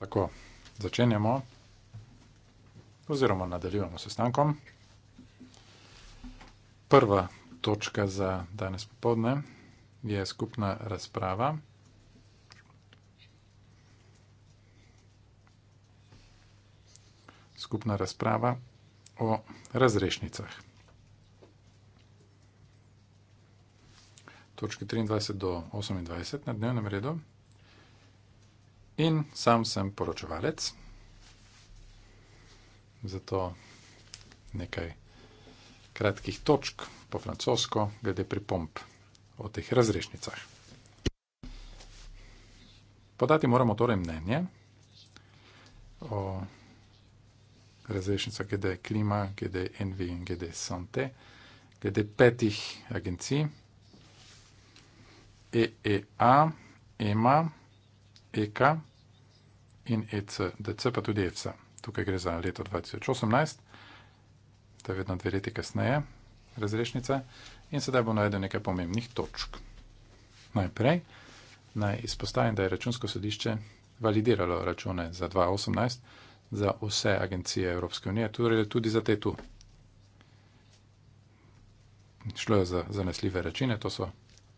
Tako, začenjamo oziroma nadaljujemo s sestankom. Prva točka za danes popovdne je skupna razprava skupna razprava o razrešnicah. točke 23 do 28 na dnevnem redu. In sam sem poročevalec, zato nekaj kratkih točk po francosko glede pripomp o teh razrešnicah. Podati moramo torej mnenje o razrešnicah glede klima, glede envi in glede sante, glede petih agencij, EEA, EMA, EK in EC, DC pa tudi EFSA. Tukaj gre za leto 2018, to je vedno dve leti kasneje razrešnice in sedaj bom navedel nekaj pomembnih točk. Najprej naj izpostavim, da je računsko sodišče validiralo račune za 2018 za vse agencije Evropske unije, torej tudi za te tu. Šlo je za zanesljive račune, to so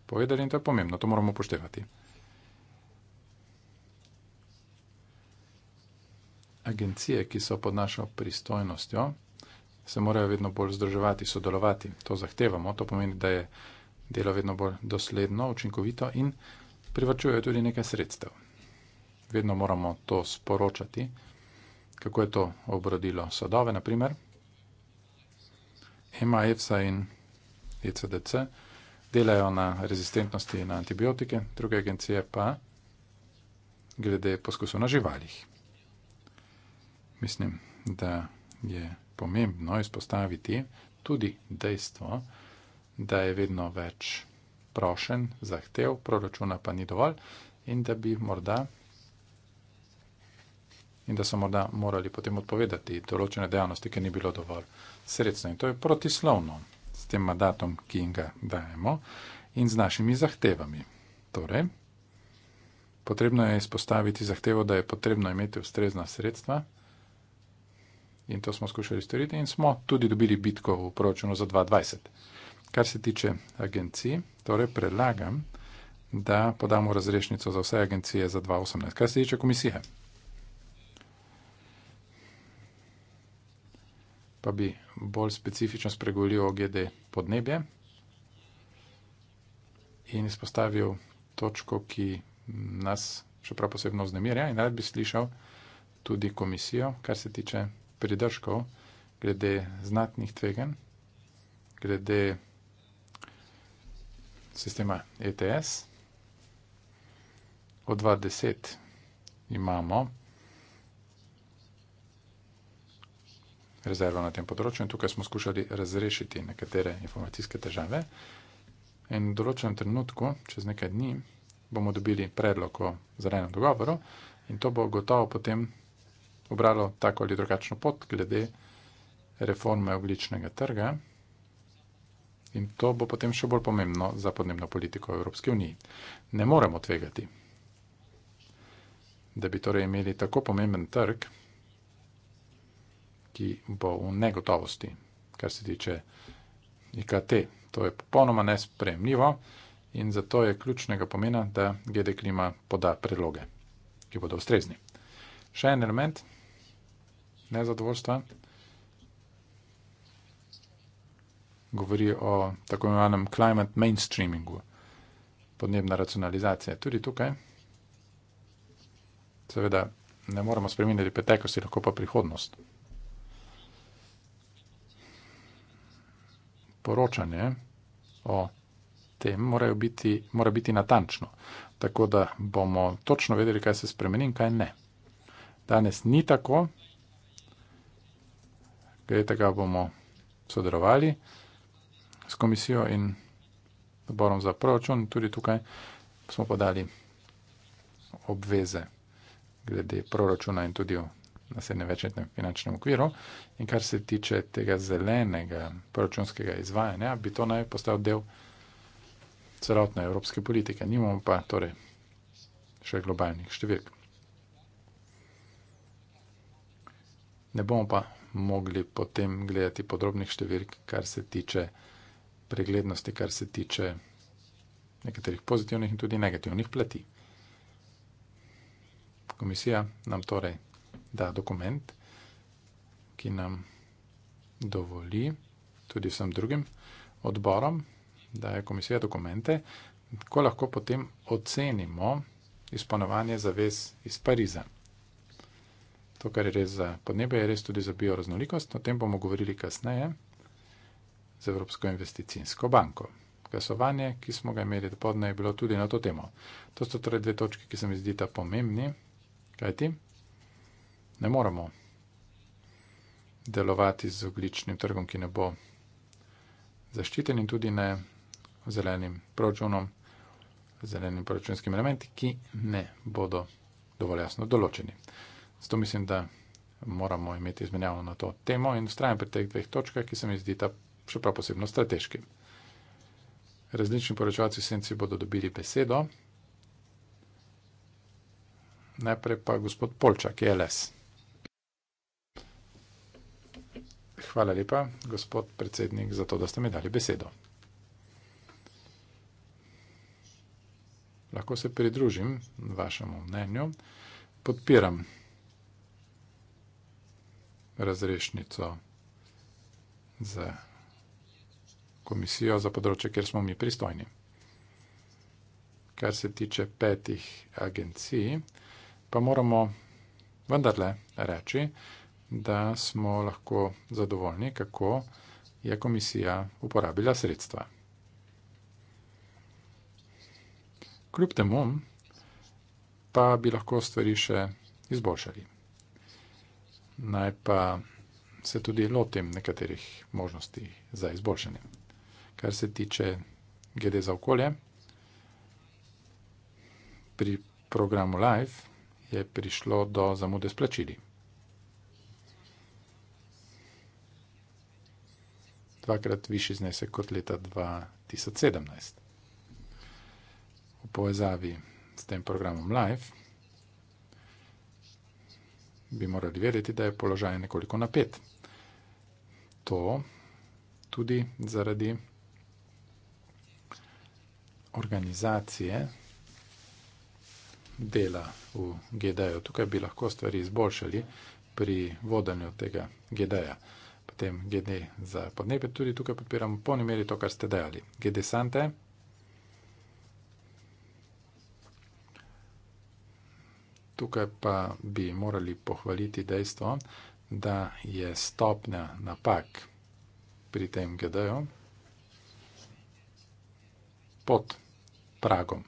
povedali in to je pomembno, to moramo upoštevati. Agencije, ki so pod našo pristojnostjo, se morajo vedno bolj združevati, sodelovati. To zahtevamo, to pomeni, da je delo vedno bolj dosledno, učinkovito in privačuje tudi nekaj sredstev. Vedno moramo to sporočati, kako je to obrodilo sadove, naprimer. EMA, EFSA in ECDC delajo na rezistentnosti na antibiotike, druge agencije pa glede poskusov na živalih. Mislim, da je pomembno izpostaviti tudi dejstvo, da je vedno več prošen, zahtev, proračuna pa ni dovolj in da bi morda in da so morda morali potem odpovedati določene dejavnosti, ker ni bilo dovolj sredstva. In to je protislovno tem mandatom, ki jim ga dajemo, in z našimi zahtevami. Torej, potrebno je izpostaviti zahtevo, da je potrebno imeti ustrezna sredstva. In to smo skušali storiti, in smo tudi dobili bitko v proračunu za 2020. Kar se tiče agencij, torej predlagam, da podamo razrešnico za vse agencije za 2018. Kar se tiče komisije. pa bi bolj specifično spregovoril o GD podnebje in izpostavil točko, ki nas še prav posebno vznemirja in rad bi slišal tudi komisijo, kar se tiče pridržkov glede znatnih tvegen, glede sistema ETS. Od 2010 imamo rezerva na tem področju in tukaj smo skušali razrešiti nekatere informacijske težave. In v določenem trenutku, čez nekaj dni, bomo dobili predlog o zelenem dogovoru in to bo gotovo potem obralo tako ali drugačno pot glede reforme obličnega trga in to bo potem še bolj pomembno za podnebno politiko v Evropski uniji. Ne moremo tvegati, da bi torej imeli tako pomemben trg, ki bo v negotovosti, kar se tiče IKT. To je popolnoma nespremljivo in zato je ključnega pomena, da GD Klima poda predloge, ki bodo ustrezni. Še en element nezadovoljstva govori o tako imenovanem climate mainstreamingu, podnebna racionalizacija. Tudi tukaj seveda ne moremo spremeniti preteklosti, lahko pa prihodnost. poročanje o tem biti, mora biti natančno, tako da bomo točno vedeli, kaj se spremeni in kaj ne. Danes ni tako, glede tega bomo sodelovali s komisijo in odborom za proračun, tudi tukaj smo podali obveze glede proračuna in tudi naslednjem večletnem finančnem okviru. In kar se tiče tega zelenega proračunskega izvajanja, bi to naj postal del celotne evropske politike. Nimamo pa torej še globalnih številk. Ne bomo pa mogli potem gledati podrobnih številk, kar se tiče preglednosti, kar se tiče nekaterih pozitivnih in tudi negativnih plati. Komisija nam torej da dokument, ki nam dovoli tudi vsem drugim odborom, da je komisija dokumente, ko lahko potem ocenimo izpolnovanje zavez iz Pariza. To, kar je res za podnebje, je res tudi za bioraznolikost, o tem bomo govorili kasneje z Evropsko investicijsko banko. Glasovanje, ki smo ga imeli dopoledne, je bilo tudi na to temo. To so torej dve točki, ki se mi zdita pomembni. Kaj ti? ne moremo delovati z ugličnim trgom, ki ne bo zaščiten in tudi ne zelenim proračunom, zelenim proračunskim elementi, ki ne bodo dovolj jasno določeni. Zato mislim, da moramo imeti izmenjavo na to temo in ustrajam pri teh dveh točkah, ki se mi zdita še prav posebno strateški. Različni poročevalci senci bodo dobili besedo. Najprej pa gospod Polčak, ki je les. Hvala. hvala lepa, gospod predsednik, za to, da ste mi dali besedo. Lahko se pridružim vašemu mnenju. Podpiram razrešnico za komisijo za področje, kjer smo mi pristojni. Kar se tiče petih agencij, pa moramo vendarle reči, da da smo lahko zadovoljni, kako je komisija uporabila sredstva. Kljub temu pa bi lahko stvari še izboljšali. Naj pa se tudi lotim nekaterih možnosti za izboljšanje. Kar se tiče GD za okolje, pri programu Live je prišlo do zamude s plačili. dvakrat višji znesek kot leta 2017. V povezavi s tem programom Life bi morali vedeti, da je položaj nekoliko napet. To tudi zaradi organizacije dela v GDA. Tukaj bi lahko stvari izboljšali pri vodanju tega GDA potem GD za podnebje, tudi tukaj podpiram polni meri to, kar ste dejali. GD Sante. Tukaj pa bi morali pohvaliti dejstvo, da je stopnja napak pri tem GD-ju pod pragom.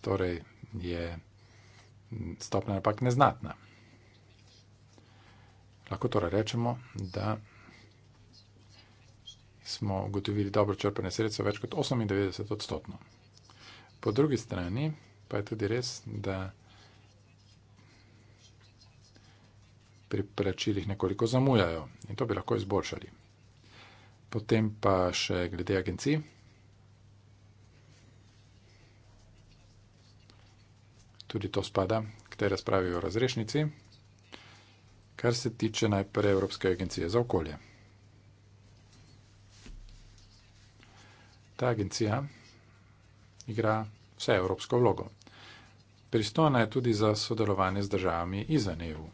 Torej je stopnja napak neznatna. Lahko torej rečemo, da smo ugotovili dobro črpanje sredstva več kot 98 odstotno. Po drugi strani pa je tudi res, da pri plačilih nekoliko zamujajo in to bi lahko izboljšali. Potem pa še glede agencij. Tudi to spada k tej razpravi o razrešnici kar se tiče najprej Evropske agencije za okolje. Ta agencija igra vse evropsko vlogo. Pristojna je tudi za sodelovanje z državami izven EU.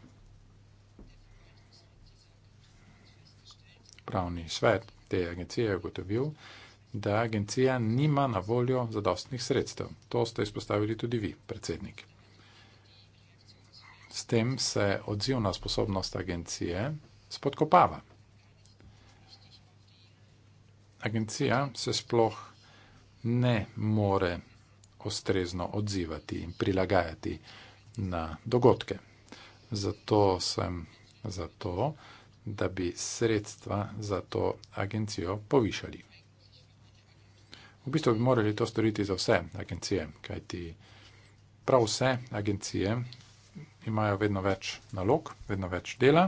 Pravni svet te agencije je ugotovil, da agencija nima na voljo zadostnih sredstev. To ste izpostavili tudi vi, predsednik. S tem se odzivna sposobnost agencije spodkopava. Agencija se sploh ne more ustrezno odzivati in prilagajati na dogodke. Zato sem za to, da bi sredstva za to agencijo povišali. V bistvu bi morali to storiti za vse agencije, kajti prav vse agencije imajo vedno več nalog, vedno več dela,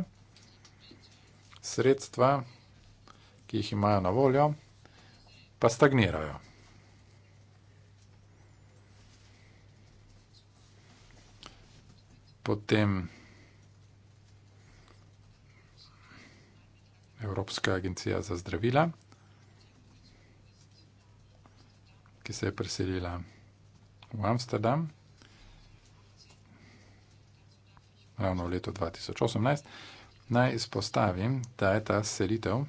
sredstva, ki jih imajo na voljo, pa stagnirajo. Potem Evropska agencija za zdravila, ki se je preselila v Amsterdam. ravno v letu 2018, naj izpostavim, da je ta selitev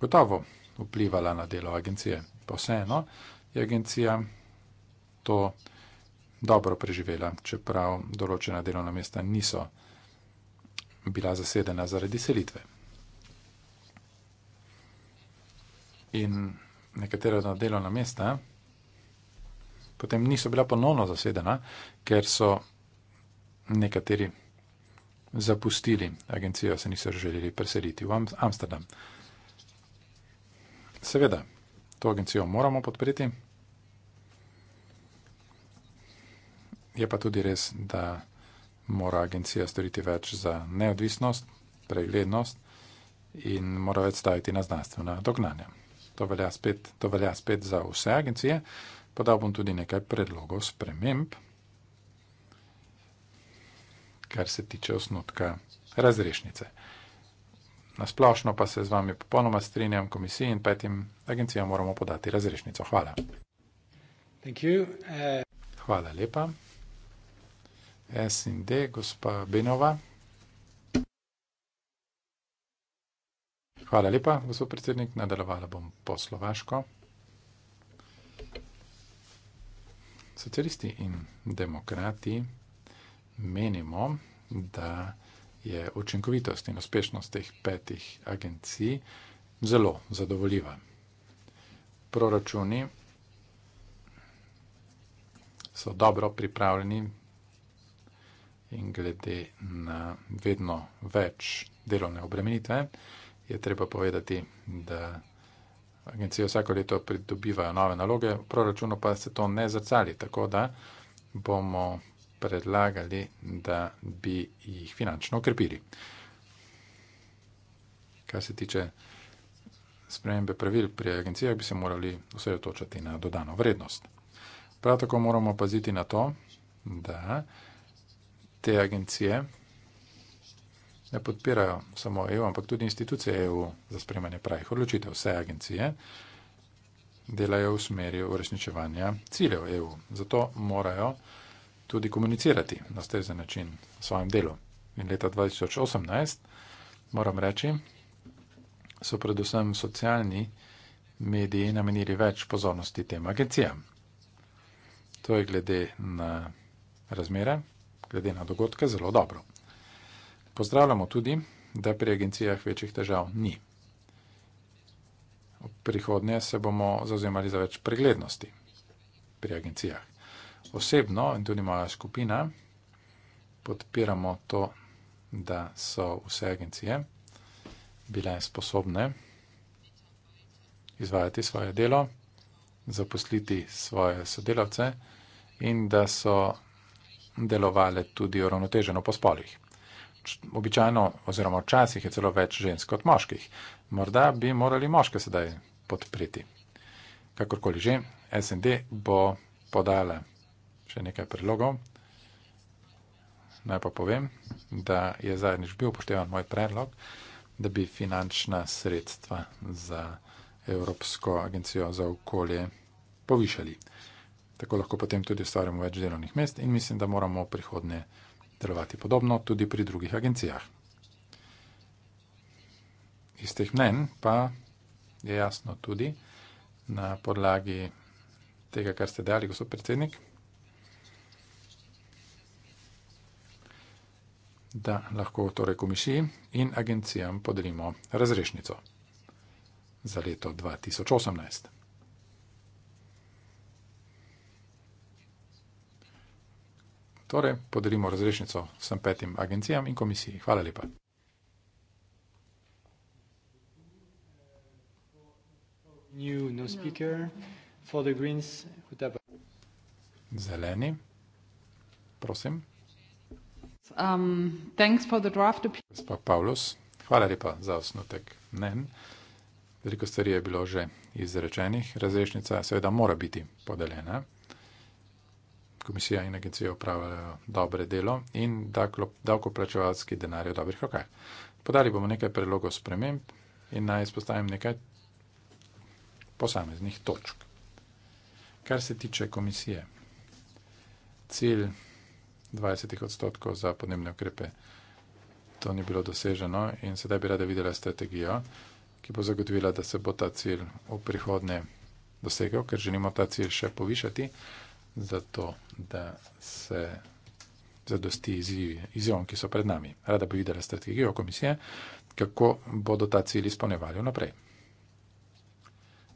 gotovo vplivala na delo agencije. Pa vseeno je agencija to dobro preživela, čeprav določena delovna mesta niso bila zasedena zaradi selitve. In nekatera delovna mesta potem niso bila ponovno zasedena, ker so nekateri zapustili agencijo, se niso želeli preseliti v Amsterdam. Seveda, to agencijo moramo podpreti. Je pa tudi res, da mora agencija storiti več za neodvisnost, preglednost in mora več staviti na znanstvena dognanja. To velja spet, to velja spet za vse agencije. Podal bom tudi nekaj predlogov sprememb kar se tiče osnutka razrešnice. Nasplošno pa se z vami popolnoma strinjam, komisiji in petim agencijam moramo podati razrešnico. Hvala. Eh. Hvala lepa. SND, gospa Benova. Hvala lepa, gospod predsednik. Nadaljevala bom po slovaško. Socialisti in demokrati menimo, da je učinkovitost in uspešnost teh petih agencij zelo zadovoljiva. Proračuni so dobro pripravljeni in glede na vedno več delovne obremenitve je treba povedati, da agencije vsako leto pridobivajo nove naloge, v proračunu pa se to ne zrcali, tako da bomo predlagali, da bi jih finančno okrepili. Kar se tiče spremembe pravil pri agencijah, bi se morali vse otočati na dodano vrednost. Prav tako moramo paziti na to, da te agencije ne podpirajo samo EU, ampak tudi institucije EU za spremanje pravih odločitev. Vse agencije delajo v smeri uresničevanja ciljev EU. Zato morajo tudi komunicirati na stezen način v svojem delu. In leta 2018, moram reči, so predvsem socialni mediji namenili več pozornosti tem agencijam. To je glede na razmere, glede na dogodke zelo dobro. Pozdravljamo tudi, da pri agencijah večjih težav ni. V prihodnje se bomo zauzemali za več preglednosti pri agencijah osebno in tudi moja skupina podpiramo to, da so vse agencije bile sposobne izvajati svoje delo, zaposliti svoje sodelavce in da so delovale tudi uravnoteženo po spolih. Običajno oziroma včasih je celo več žensk kot moških. Morda bi morali moške sedaj podpreti. Kakorkoli že, SND bo podala še nekaj predlogov. Naj pa povem, da je zadnjič bil upoštevan moj predlog, da bi finančna sredstva za Evropsko agencijo za okolje povišali. Tako lahko potem tudi ustvarjamo več delovnih mest in mislim, da moramo prihodnje delovati podobno tudi pri drugih agencijah. Iz teh mnen pa je jasno tudi na podlagi tega, kar ste dejali, gospod predsednik, da lahko torej komisiji in agencijam podelimo razrešnico za leto 2018. Torej, podelimo razrešnico vsem petim agencijam in komisiji. Hvala lepa. New, no speaker, for the greens, Zeleni, prosim. Um, Gospa Pavlos, hvala lepa za osnutek mnen. Veliko stvari je bilo že izrečenih, razrešnica seveda mora biti podeljena. Komisija in agencija upravljajo dobre delo in davkoplačevalski denar je v dobrih rokah. Podali bomo nekaj predlogov sprememb in naj izpostavim nekaj posameznih točk. Kar se tiče komisije, cilj 20 odstotkov za podnebne ukrepe. To ni bilo doseženo in sedaj bi rada videla strategijo, ki bo zagotovila, da se bo ta cilj v prihodnje dosegel, ker želimo ta cilj še povišati, zato da se zadosti izjivom, ki so pred nami. Rada bi videla strategijo komisije, kako bodo ta cilj izpolnevali vnaprej.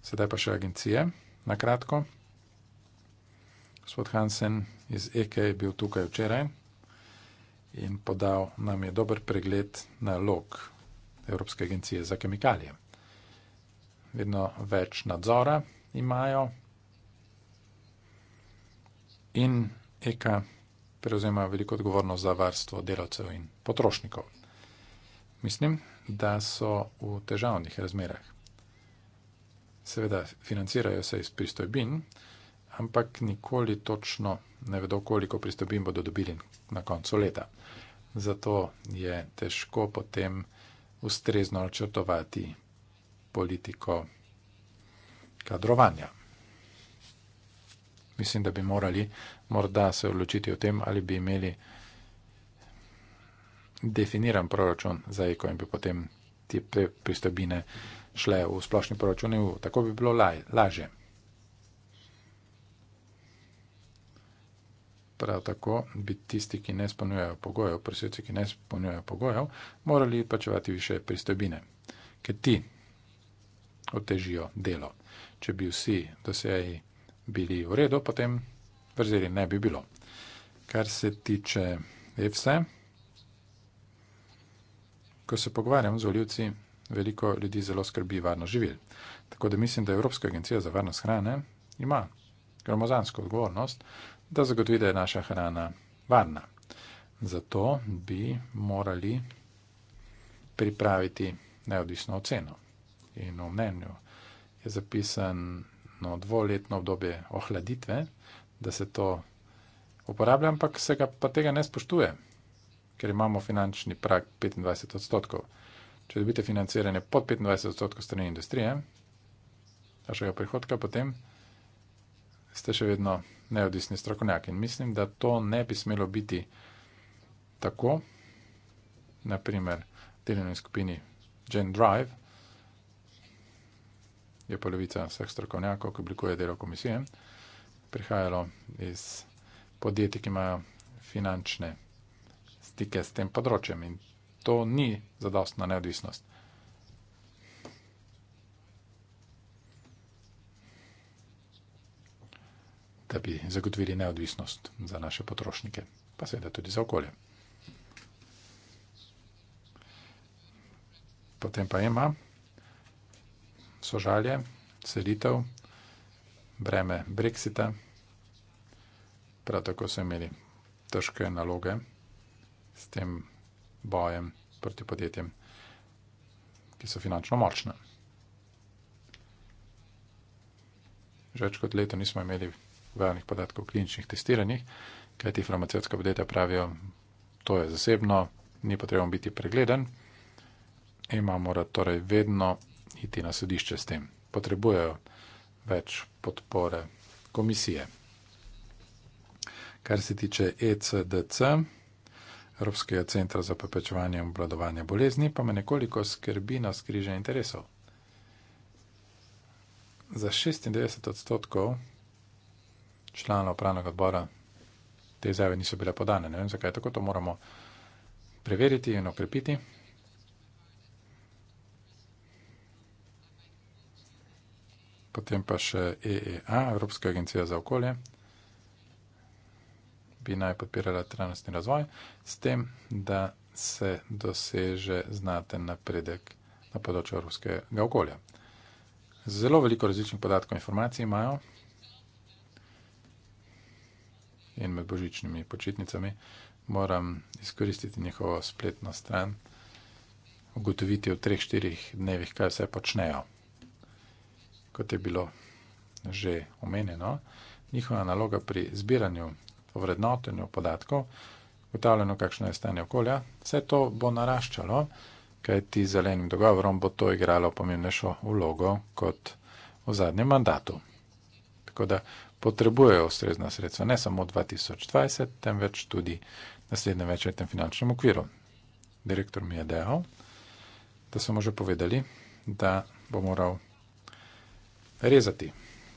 Sedaj pa še agencije, na kratko. Gospod Hansen iz EK je bil tukaj včeraj in podal nam je dober pregled na log Evropske agencije za kemikalije. Vedno več nadzora imajo in EK prevzema veliko odgovornost za varstvo delavcev in potrošnikov. Mislim, da so v težavnih razmerah. Seveda financirajo se iz pristojbin, ampak nikoli točno ne vedo, koliko pristopin bodo dobili na koncu leta. Zato je težko potem ustrezno načrtovati politiko kadrovanja. Mislim, da bi morali morda se odločiti o tem, ali bi imeli definiran proračun za eko in bi potem te pristobine šle v splošni proračun in e tako bi bilo lažje. Laj, prav tako bi tisti, ki ne spolnjujejo pogojev, prosilci, ki ne spolnjujejo pogojev, morali plačevati više pristojbine, ker ti otežijo delo. Če bi vsi dosej bili v redu, potem vrzeli ne bi bilo. Kar se tiče EFSE, ko se pogovarjam z voljivci, veliko ljudi zelo skrbi varno živil. Tako da mislim, da Evropska agencija za varnost hrane ima gromozansko odgovornost, da zagotovi, da je naša hrana varna. Zato bi morali pripraviti neodvisno oceno. In v mnenju je zapisano dvoletno obdobje ohladitve, da se to uporablja, ampak se ga pa tega ne spoštuje, ker imamo finančni prak 25 odstotkov. Če dobite financiranje pod 25 odstotkov strani industrije, vašega prihodka, potem ste še vedno neodvisni strokovnjaki. In mislim, da to ne bi smelo biti tako, naprimer, v delovni skupini Gen Drive je polovica vseh strokovnjakov, ki oblikuje delo komisije, prihajalo iz podjetij, ki imajo finančne stike s tem področjem in to ni zadostna neodvisnost. da bi zagotovili neodvisnost za naše potrošnike, pa seveda tudi za okolje. Potem pa ima sožalje, selitev, breme Brexita, prav tako so imeli težke naloge s tem bojem proti podjetjem, ki so finančno močne. Že več kot leto nismo imeli vajalnih podatkov v kliničnih testiranjih, kajti farmacevtska podjetja pravijo, to je zasebno, ni potrebno biti pregleden. EMA mora torej vedno iti na sodišče s tem. Potrebujejo več podpore komisije. Kar se tiče ECDC, Evropskega centra za preprečevanje in obladovanje bolezni, pa me nekoliko skrbi na skriže interesov. Za 96 odstotkov člana upravnega odbora te izjave niso bile podane. Ne vem, zakaj tako to moramo preveriti in okrepiti. Potem pa še EEA, Evropska agencija za okolje, bi naj podpirala trajnostni razvoj s tem, da se doseže znaten napredek na področju evropskega okolja. Zelo veliko različnih podatkov in informacij imajo in med božičnimi počitnicami, moram izkoristiti njihovo spletno stran, ugotoviti v treh, štirih dnevih, kaj vse počnejo. Kot je bilo že omenjeno, njihova naloga pri zbiranju, vrednotenju podatkov, ugotavljanju, kakšno je stanje okolja, vse to bo naraščalo, kaj ti zelenim dogovorom bo to igralo pomembnejšo vlogo kot v zadnjem mandatu. Tako da potrebujejo ustrezna sredstva, ne samo 2020, temveč tudi naslednjem večletnem finančnem okviru. Direktor mi je dejal, da smo že povedali, da bo moral rezati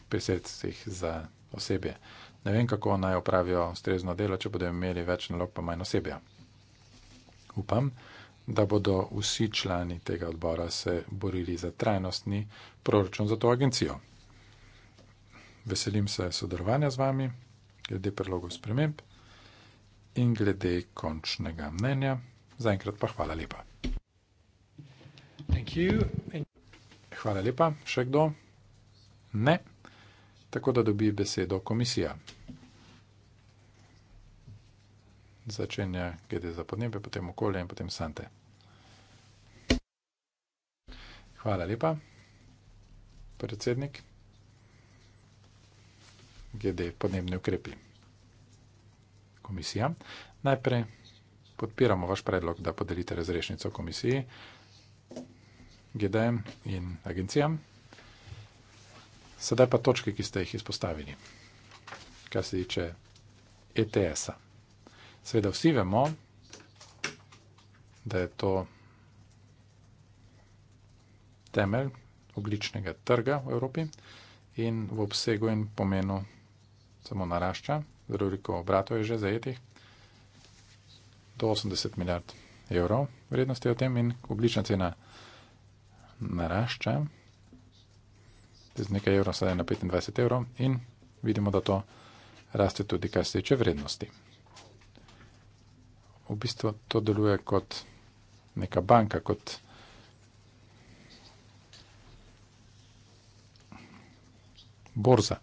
pri sredstvih za osebje. Ne vem, kako naj opravijo ustrezno delo, če bodo imeli več nalog, pa manj osebja. Upam, da bodo vsi člani tega odbora se borili za trajnostni proračun za to agencijo veselim se sodelovanja z vami, glede predlogov sprememb in glede končnega mnenja. Zaenkrat pa hvala lepa. Hvala lepa. Še kdo? Ne. Tako da dobi besedo komisija. Začenja GD za podnebje, potem okolje in potem sante. Hvala lepa. Predsednik glede podnebne ukrepi. Komisija. Najprej podpiramo vaš predlog, da podelite razrešnico komisiji, GDM in agencijam. Sedaj pa točke, ki ste jih izpostavili, kar se tiče ETS-a. Sveda vsi vemo, da je to temelj ogličnega trga v Evropi in v obsegu in pomenu samo narašča, zelo veliko obratov je že zajetih, do 80 milijard evrov vrednosti je v tem in oblična cena narašča, z nekaj evrov sedaj na 25 evrov in vidimo, da to raste tudi, kar se tiče vrednosti. V bistvu to deluje kot neka banka, kot borza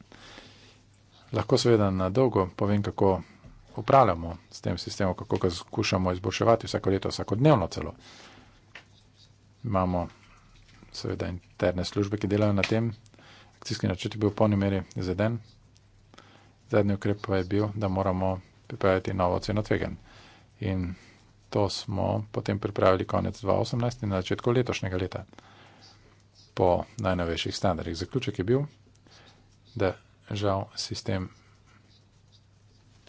lahko seveda na dolgo povem, kako upravljamo s tem sistemom, kako ga skušamo izboljševati vsako leto, vsakodnevno celo. Imamo seveda interne službe, ki delajo na tem. Akcijski načrt je bil v polni meri izveden. Zadnji ukrep pa je bil, da moramo pripraviti novo ceno tvegan. In to smo potem pripravili konec 2018 in na začetku letošnjega leta. Po najnovejših standardih zaključek je bil, da žal sistem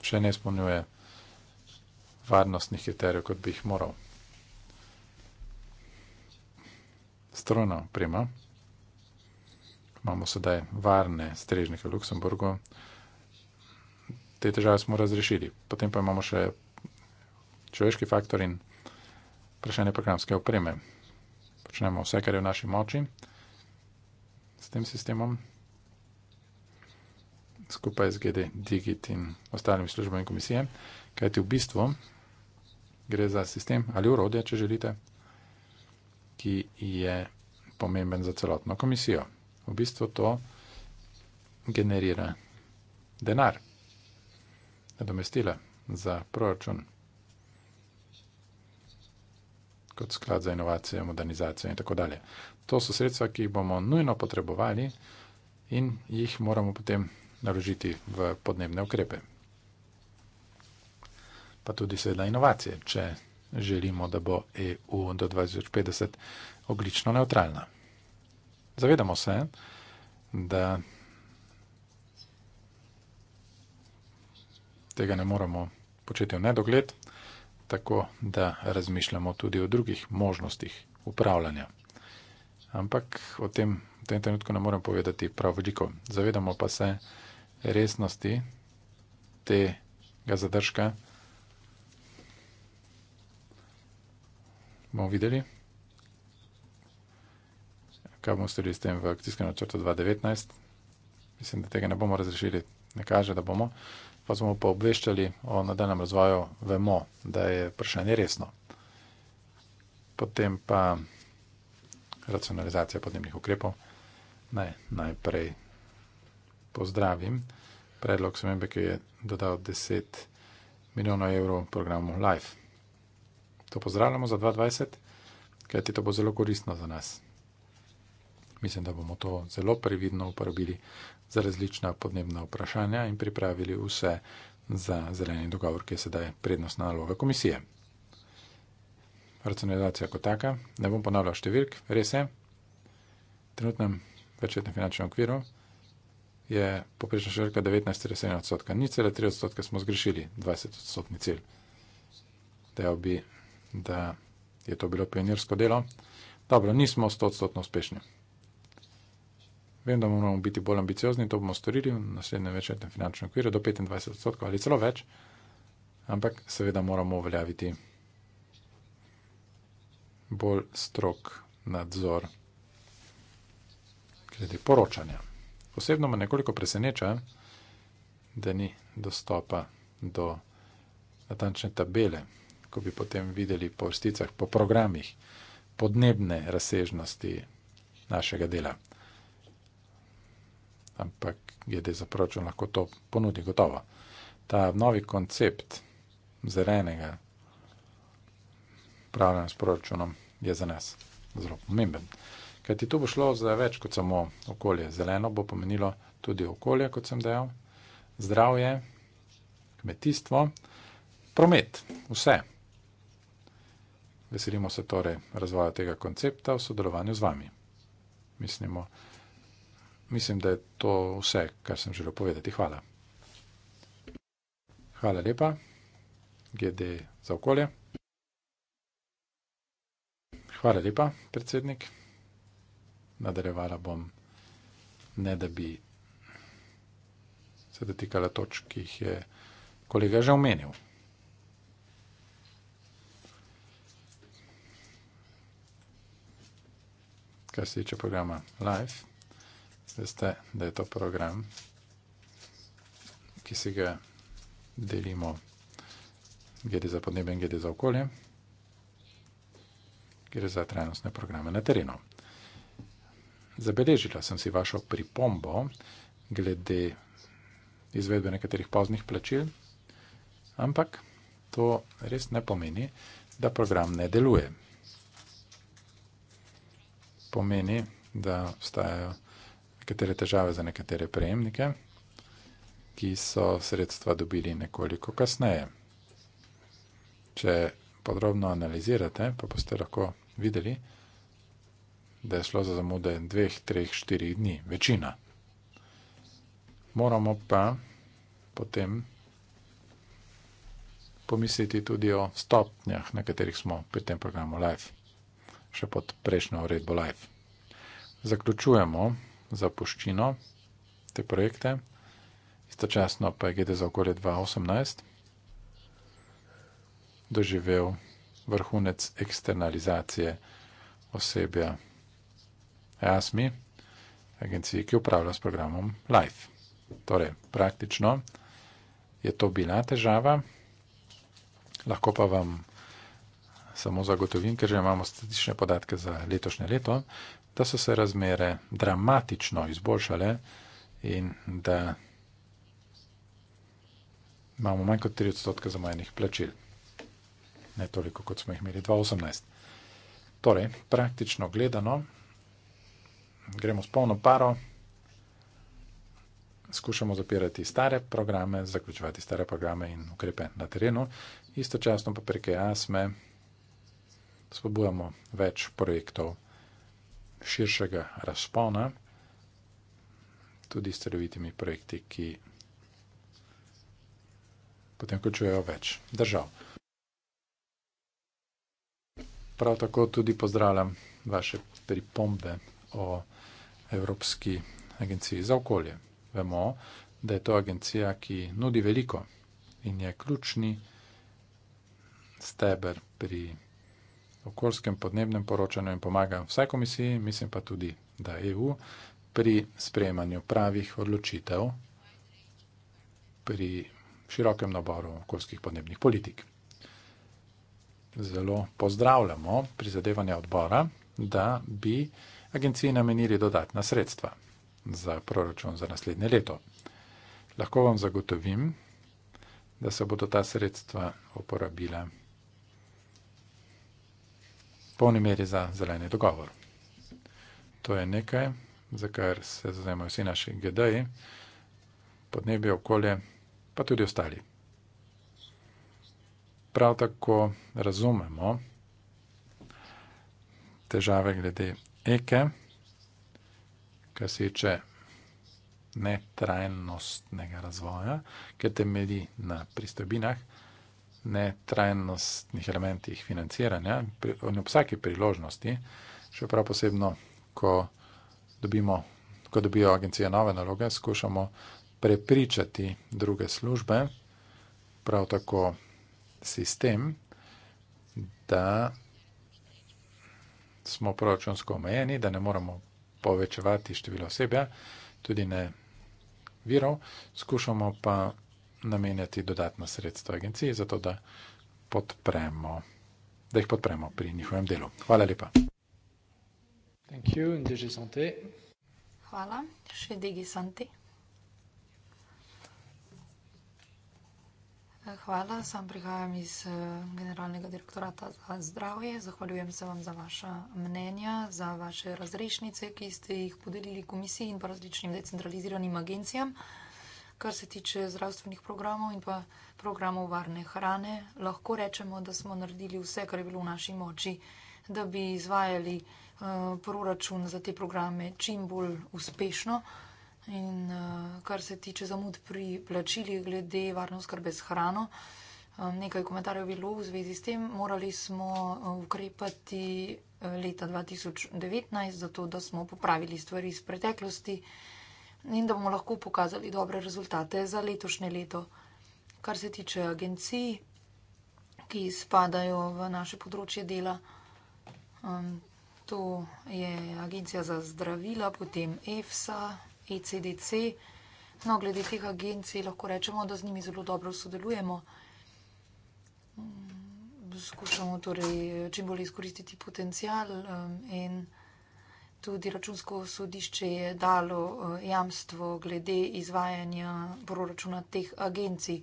še ne izpolnjuje varnostnih kriterijev, kot bi jih moral. Strojna oprema. Imamo sedaj varne strežnike v Luksemburgu. Te težave smo razrešili. Potem pa imamo še človeški faktor in vprašanje programske opreme. Počnemo vse, kar je v naši moči s tem sistemom skupaj z GD Digit in ostalimi službami komisije, kajti v bistvu gre za sistem ali urodje, če želite, ki je pomemben za celotno komisijo. V bistvu to generira denar, nadomestila za proračun kot sklad za inovacije, modernizacijo in tako dalje. To so sredstva, ki jih bomo nujno potrebovali in jih moramo potem naložiti v podnebne ukrepe. Pa tudi seveda inovacije, če želimo, da bo EU do 2050 oglično neutralna. Zavedamo se, da tega ne moremo početi v nedogled, tako da razmišljamo tudi o drugih možnostih upravljanja. Ampak o tem v tem trenutku ne morem povedati prav veliko. Zavedamo pa se, da resnosti tega zadržka bomo videli, kaj bomo storili s tem v akcijskem načrtu 2019. Mislim, da tega ne bomo razrešili, ne kaže, da bomo. Pa smo pa obveščali o nadaljem razvoju, vemo, da je vprašanje resno. Potem pa racionalizacija podnebnih ukrepov. Ne, najprej pozdravim. Predlog spremembe, ki je dodal 10 milijonov evrov programu Life. To pozdravljamo za 2020, kajti to bo zelo koristno za nas. Mislim, da bomo to zelo previdno uporabili za različna podnebna vprašanja in pripravili vse za zeleni dogovor, ki je sedaj prednostna naloga komisije. Racionalizacija kot taka, ne bom ponavljal številk, res je, trenutnem večletnem finančnem okviru je poprečna številka 19,7 odstotka. Ni cele 3 odstotke, smo zgrešili 20 odstotni cilj. Dejal bi, da je to bilo pionirsko delo. Dobro, nismo 100 odstotno uspešni. Vem, da moramo biti bolj ambiciozni, to bomo storili v naslednjem večletnem finančnem okviru do 25 odstotkov ali celo več, ampak seveda moramo uveljaviti bolj strok nadzor glede poročanja. Osebno me nekoliko preseneča, da ni dostopa do natančne tabele, ko bi potem videli po vrsticah, po programih, podnebne razsežnosti našega dela. Ampak glede za proračun lahko to ponudi gotovo. Ta novi koncept zelenega upravljanja s proračunom je za nas zelo pomemben. Ker ti to bo šlo za več kot samo okolje. Zeleno bo pomenilo tudi okolje, kot sem dejal, zdravje, kmetijstvo, promet, vse. Veselimo se torej razvoja tega koncepta v sodelovanju z vami. Mislimo, mislim, da je to vse, kar sem želel povedati. Hvala. Hvala lepa, GD za okolje. Hvala lepa, predsednik nadaljevala bom, ne da bi se dotikala toč, ki jih je kolega že omenil. Kar se tiče programa Life, veste, da je to program, ki si ga delimo, gre za podnebje in gre za okolje, gre za trajnostne programe na terenu. Zabeležila sem si vašo pripombo glede izvedbe nekaterih poznih plačil, ampak to res ne pomeni, da program ne deluje. Pomeni, da obstajajo nekatere težave za nekatere prejemnike, ki so sredstva dobili nekoliko kasneje. Če podrobno analizirate, pa boste lahko videli, da da je šlo za zamude dveh, treh, štirih dni, večina. Moramo pa potem pomisliti tudi o stopnjah, na katerih smo pri tem programu Life, še pod prejšnjo uredbo Life. Zaključujemo zapuščino te projekte, istočasno pa je GD za okolje 2018 doživel vrhunec eksternalizacije osebja ASMI, agenciji, ki upravlja s programom LIFE. Torej, praktično je to bila težava, lahko pa vam samo zagotovim, ker že imamo statične podatke za letošnje leto, da so se razmere dramatično izboljšale in da imamo manj kot 3 odstotke zamajenih plačil. Ne toliko, kot smo jih imeli 2018. Torej, praktično gledano, gremo s polno paro, skušamo zapirati stare programe, zaključovati stare programe in ukrepe na terenu, istočasno pa preke ASME spodbujamo več projektov širšega razpona, tudi s celovitimi projekti, ki potem vključujejo več držav. Prav tako tudi pozdravljam vaše pripombe o tem, Evropski agenciji za okolje. Vemo, da je to agencija, ki nudi veliko in je ključni steber pri okoljskem podnebnem poročanju in pomaga vsaj komisiji, mislim pa tudi, da EU pri sprejemanju pravih odločitev pri širokem naboru okoljskih podnebnih politik. Zelo pozdravljamo prizadevanja odbora, da bi agenciji namenili dodatna sredstva za proračun za naslednje leto. Lahko vam zagotovim, da se bodo ta sredstva uporabila v polni meri za zeleni dogovor. To je nekaj, za kar se zazemajo vsi naši GD-ji, podnebje, okolje, pa tudi ostali. Prav tako razumemo težave glede eke, kar se tiče netrajnostnega razvoja, ker temelji na pristojbinah, netrajnostnih elementih financiranja, pri, ob vsaki priložnosti, še prav posebno, ko, dobimo, ko dobijo agencije nove naloge, skušamo prepričati druge službe, prav tako sistem, da smo proračunsko omejeni, da ne moramo povečevati število osebja, tudi ne virov, skušamo pa namenjati dodatna sredstva agenciji, zato da, podpremo, da jih podpremo pri njihovem delu. Hvala lepa. Thank you, Hvala, še Digi Santi. Hvala, sam prihajam iz eh, Generalnega direktorata za zdravje. Zahvaljujem se vam za vaša mnenja, za vaše razrešnice, ki ste jih podelili komisiji in pa različnim decentraliziranim agencijam. Kar se tiče zdravstvenih programov in pa programov varne hrane, lahko rečemo, da smo naredili vse, kar je bilo v naši moči, da bi izvajali eh, proračun za te programe čim bolj uspešno. In uh, kar se tiče zamud pri plačilih glede varno skrbe s hrano, um, nekaj komentarjev je bilo v zvezi s tem. Morali smo eh, ukrepati leta 2019, zato da smo popravili stvari iz preteklosti in da bomo lahko pokazali dobre rezultate za letošnje leto. Kar se tiče agencij, ki spadajo v naše področje dela, um, to je Agencija za zdravila, potem EFSA. ECDC. No, glede teh agencij lahko rečemo, da z njimi zelo dobro sodelujemo. Mm, skušamo torej eh, čim bolj izkoristiti potencial in tudi računsko sodišče je dalo eh, jamstvo glede izvajanja proračuna teh agencij.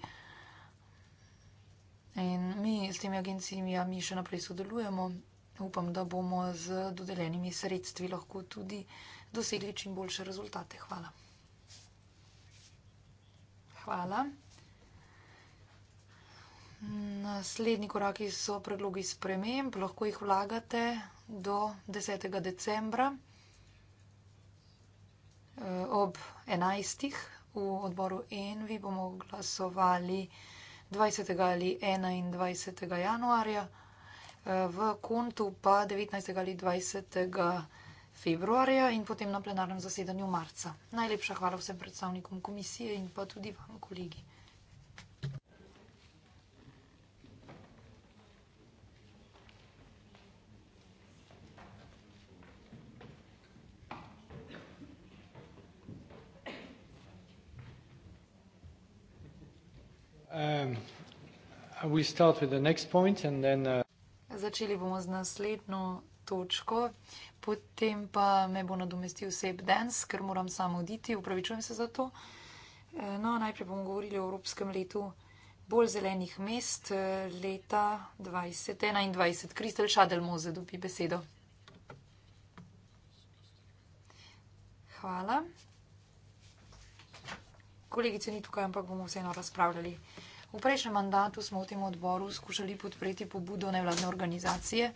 In mi s temi agencijami ja, še naprej sodelujemo. Upam, da bomo z dodeljenimi sredstvi lahko tudi dosegli čim boljše rezultate. Hvala. Hvala. Naslednji koraki so predlogi sprememb, lahko jih vlagate do 10. decembra eh, ob 11. v odboru Envi bomo glasovali 20. ali 21. januarja, eh, v kontu pa 19. ali 20. januarja februarja in potem na plenarnem zasedanju marca. Najlepša hvala vsem predstavnikom komisije in pa tudi vam, kolegi. Um, uh, Začeli bomo z naslednjo točko potem pa me bo nadomestil Seb Dens, ker moram samo oditi, upravičujem se za to. E, no, najprej bomo govorili o Evropskem letu bolj zelenih mest e, leta 2021. Kristel Šadelmoze dobi besedo. Hvala. Kolegice ni tukaj, ampak bomo vseeno razpravljali. V prejšnjem mandatu smo v tem odboru skušali podpreti pobudo nevladne organizacije,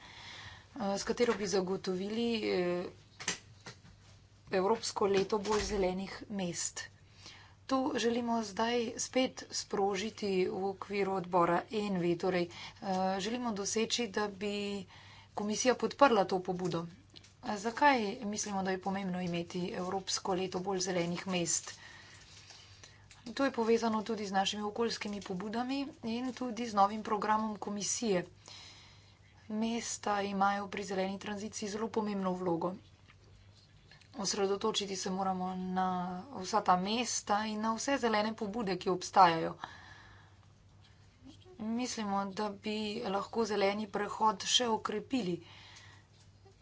Eh, s katero bi zagotovili eh, Evropsko leto bolj zelenih mest. To želimo zdaj spet sprožiti v okviru odbora ENVI. Torej, eh, želimo doseči, da bi komisija podprla to pobudo. Zakaj mislimo, da je pomembno imeti Evropsko leto bolj zelenih mest? To je povezano tudi z našimi okoljskimi pobudami in tudi z novim programom komisije mesta imajo pri zeleni tranziciji zelo pomembno vlogo. Osredotočiti se moramo na vsa ta mesta in na vse zelene pobude, ki obstajajo. Mislimo, da bi lahko zeleni prehod še okrepili,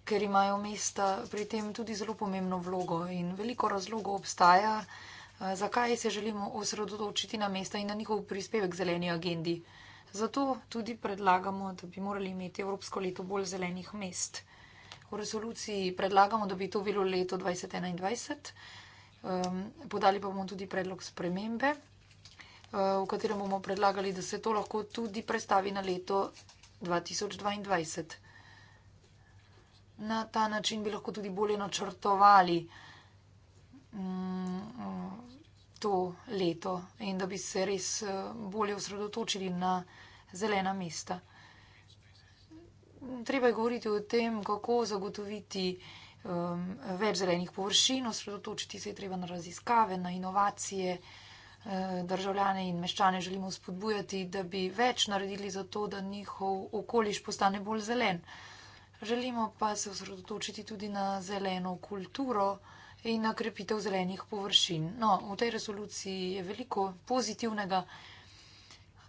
ker imajo mesta pri tem tudi zelo pomembno vlogo in veliko razlogov obstaja, eh, zakaj se želimo osredotočiti na mesta in na njihov prispevek zeleni agendi. Uh, Zato tudi predlagamo, da bi morali imeti Evropsko leto bolj zelenih mest. V resoluciji predlagamo, da bi to bilo leto 2021. Um, ehm, podali pa bomo tudi predlog spremembe, uh, v katerem bomo predlagali, da se to lahko tudi prestavi na leto 2022. Na ta način bi lahko tudi bolje načrtovali um, to leto in da bi se res eh, bolje osredotočili na zelena mesta. Treba je govoriti o tem, kako zagotoviti um, več zelenih površin, osredotočiti se je treba na raziskave, na inovacije. Eh, državljane in meščane želimo spodbujati, da bi več naredili za to, da njihov okoliš postane bolj zelen. Želimo pa se osredotočiti tudi na zeleno kulturo in na krepitev zelenih površin. No, v tej resoluciji je veliko pozitivnega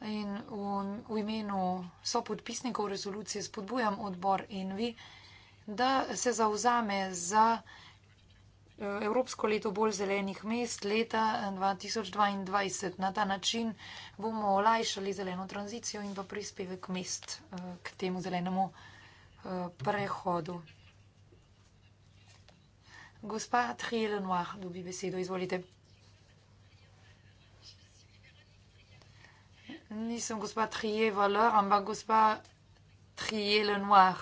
in v, v imenu sopodpisnikov resolucije spodbujam odbor in vi, da se zauzame za e, Evropsko leto bolj zelenih mest leta 2022. Na ta način bomo olajšali zeleno tranzicijo in pa prispevek mest e, k temu zelenemu e, prehodu. Gospa Trier-Lenoir dobi besedo, izvolite. Nisem gospa Trier-Valor, ampak gospa Trier-Lenoir.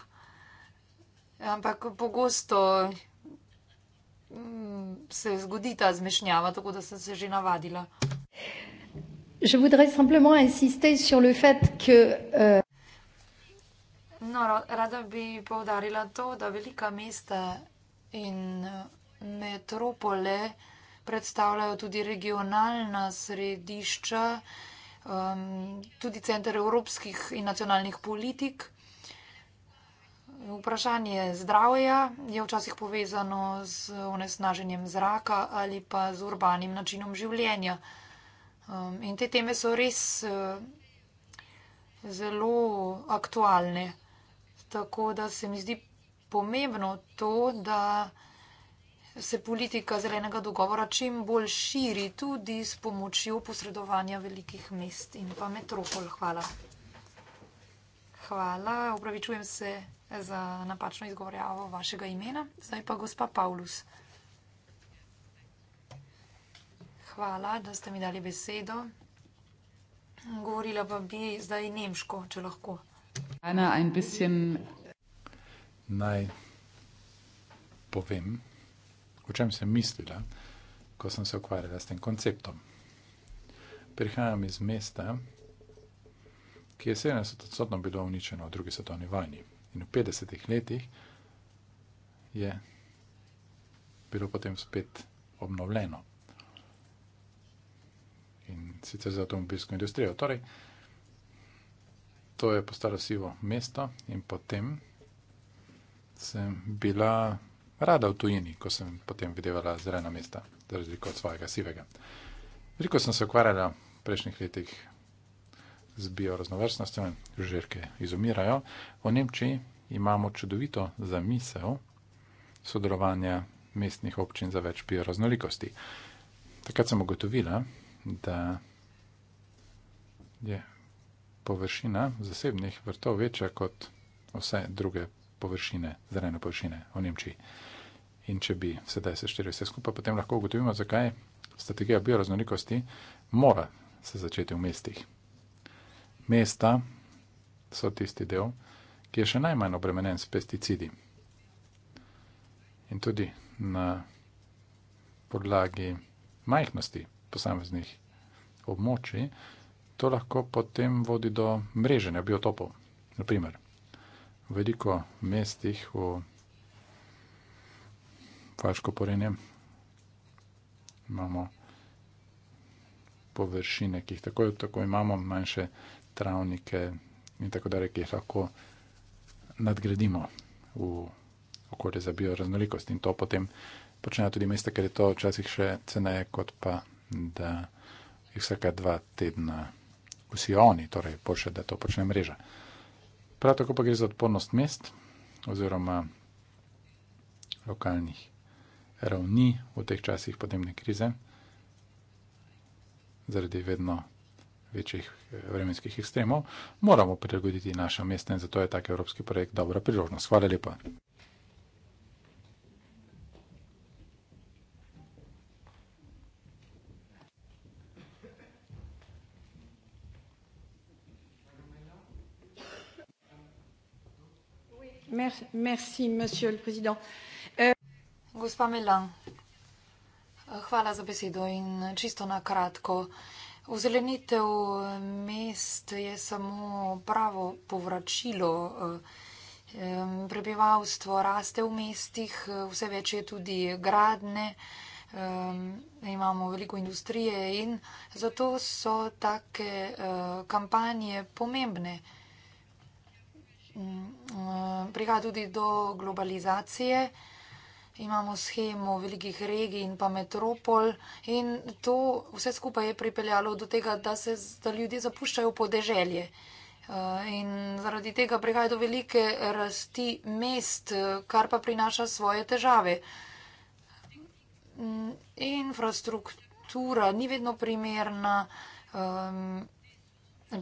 Ampak pogosto mm, se zgodi ta zmešnjava, tako da sem se že navadila. Je voudrais simplement insister sur le fait que... Uh... No, rada bi povdarila to, da velika mesta in eh, metropole predstavljajo tudi regionalna središča, ehm, tudi center evropskih in nacionalnih politik. Vprašanje zdravja je včasih povezano z onesnaženjem zraka ali pa z urbanim načinom življenja. Ehm, in te teme so res eh, zelo aktualne. Tako da se mi zdi pomembno to, da se politika zelenega dogovora čim bolj širi tudi s pomočjo posredovanja velikih mest in pa metropol. Hvala. Hvala, upravičujem se za napačno izgovorjavo vašega imena. Zdaj pa gospa Paulus. Hvala, da ste mi dali besedo. Govorila pa bi zdaj nemško, če lahko. Ana, ein bisschen naj povem, o čem sem mislila, ko sem se ukvarjala s tem konceptom. Prihajam iz mesta, ki je 70-odstotno bilo uničeno v drugi svetovni vojni. In v 50-ih letih je bilo potem spet obnovljeno. In sicer za avtomobilsko industrijo. Torej, to je postalo sivo mesto in potem sem bila rada v tujini, ko sem potem videla zelena mesta, za razliko od svojega sivega. Veliko sem se ukvarjala v prejšnjih letih z bioraznovrstnostjo, žirke izumirajo. V Nemčiji imamo čudovito zamisel sodelovanja mestnih občin za več bioraznolikosti. Takrat sem ugotovila, da je površina zasebnih vrtov večja kot vse druge površine površine, zelene površine v Nemčiji. In če bi sedaj sešteli vse skupaj, potem lahko ugotovimo, zakaj strategija bioraznolikosti mora se začeti v mestih. Mesta so tisti del, ki je še najmanj obremenjen s pesticidi. In tudi na podlagi majhnosti posameznih območij, to lahko potem vodi do mreženja biotopov. Naprimer, veliko mestih v Paško porenje. Imamo površine, ki jih tako, tako imamo, manjše travnike in tako dalje, ki jih lahko nadgradimo v okolje za bioraznolikost. In to potem počnejo tudi mesta, ker je to včasih še ceneje, kot pa da jih vsaka dva tedna vsi oni, torej boljše, da to počne mreža. Prav tako pa gre za odpornost mest oziroma lokalnih ravni v teh časih podnebne krize, zaradi vedno večjih eh, vremenskih ekstremov, moramo prilagoditi naša mesta in zato je tak evropski projekt dobra priložnost. Hvala lepa. Euh, Gospa Milan, hvala za besedo in čisto na kratko. Ozelenitev mest je samo pravo povračilo. Eh, eh, prebivalstvo raste v mestih, vse več je tudi gradne, eh, imamo veliko industrije in zato so take kampanje pomembne. Mm, eh, prihaja tudi do globalizacije. Imamo schemo velikih regij in pa metropol in to vse skupaj je pripeljalo do tega, da se da ljudje zapuščajo podeželje. Eh, in zaradi tega prihaja do velike rasti mest, kar pa prinaša svoje težave. Mm, infrastruktura ni vedno primerna. Ehm,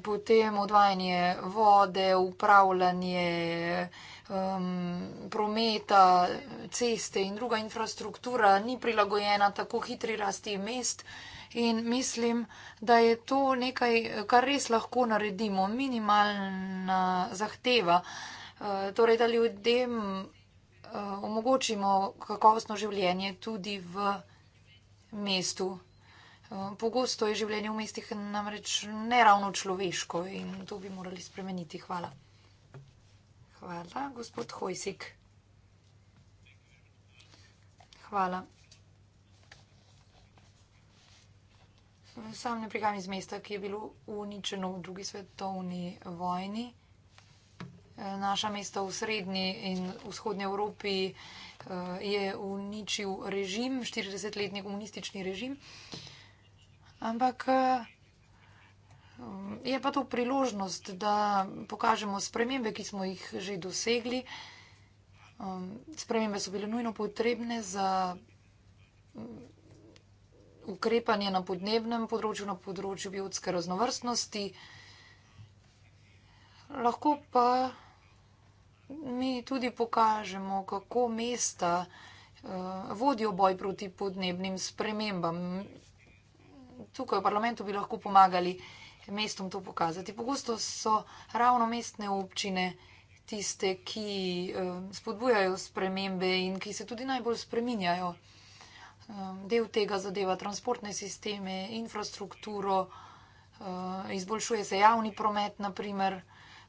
Potem odvajanje vode, upravljanje um, prometa, ceste in druga infrastruktura ni prilagojena tako hitri rasti mest in mislim, da je to nekaj, kar res lahko naredimo, minimalna zahteva, uh, torej da ljudem uh, omogočimo kakovostno življenje tudi v mestu. Eh, pogosto je življenje v mestih namreč neravno človeško in to bi morali spremeniti. Hvala. Hvala, gospod Hojsik. Hvala. Sam ne prihajam iz mesta, ki je bilo uničeno v drugi svetovni vojni. Eh, naša mesta v srednji in vzhodnji Evropi eh, je uničil režim, 40-letni komunistični režim. Ampak eh, je pa to priložnost, da pokažemo spremembe, ki smo jih že dosegli. Um, spremembe so bile nujno potrebne za mm, ukrepanje na podnebnem področju, na področju biotske raznovrstnosti. Lahko pa mi tudi pokažemo, kako mesta eh, vodijo boj proti podnebnim spremembam tukaj v parlamentu bi lahko pomagali mestom to pokazati. Pogosto so ravno mestne občine tiste, ki eh, spodbujajo spremembe in ki se tudi najbolj spreminjajo. Eh, del tega zadeva transportne sisteme, infrastrukturo, eh, izboljšuje se javni promet, naprimer,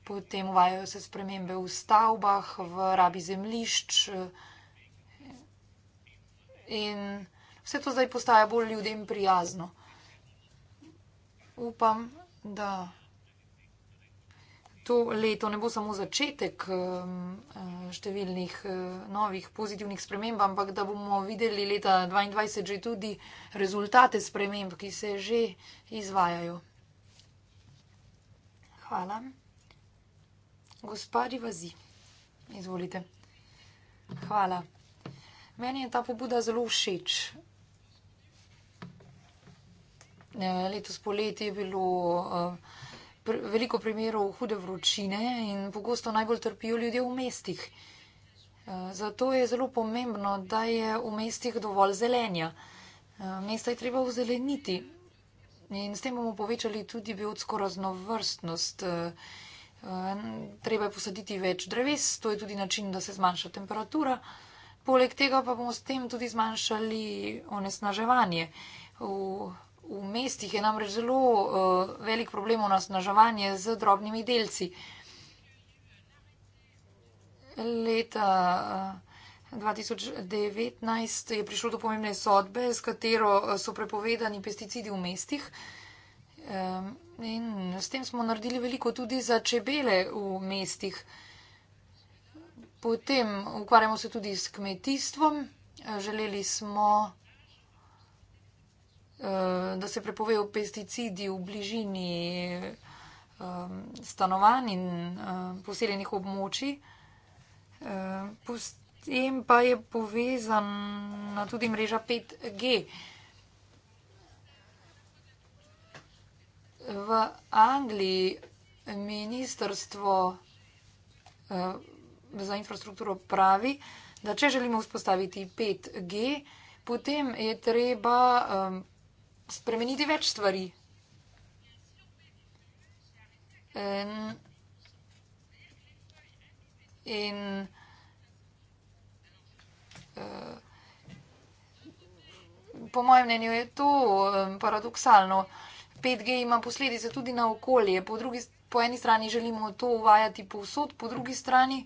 potem uvajajo se spremembe v stavbah, v rabi zemlišč in vse to zdaj postaja bolj ljudem prijazno upam, da to leto ne bo samo začetek um, eh, številnih eh, novih pozitivnih sprememb, ampak da bomo videli leta 2022 že tudi rezultate sprememb, ki se že izvajajo. Hvala. Gospodi Vazi, izvolite. Hvala. Meni je ta pobuda zelo všeč. Eh, letos poleti je bilo eh, veliko primerov hude vročine in pogosto najbolj trpijo ljudje v mestih. Eh, zato je zelo pomembno, da je v mestih dovolj zelenja. Mesta je treba ozeleniti in s tem bomo povečali tudi biotsko raznovrstnost. Treba je posaditi več dreves, to je tudi način, da se zmanjša temperatura. Poleg tega pa bomo s tem tudi zmanjšali onesnaževanje. V V mestih je namreč zelo eh, velik problem onosnaževanje z drobnimi delci. Leta 2019 eh, je prišlo do pomembne sodbe, s katero eh, so prepovedani pesticidi v mestih. In s tem smo naredili veliko tudi za čebele v mestih. Potem ukvarjamo se tudi s kmetijstvom. Želeli smo. Eh, da se prepovejo pesticidi v bližini eh, stanovanj in eh, poseljenih območij. S tem pa je povezana tudi mreža 5G. V Angliji ministrstvo za infrastrukturo pravi, da če želimo vzpostaviti 5G, potem je treba spremeniti več stvari. In, in eh, po mojem mnenju je to eh, paradoksalno. 5G ima posledice tudi na okolje. Po, drugi, po eni strani želimo to uvajati povsod, po drugi strani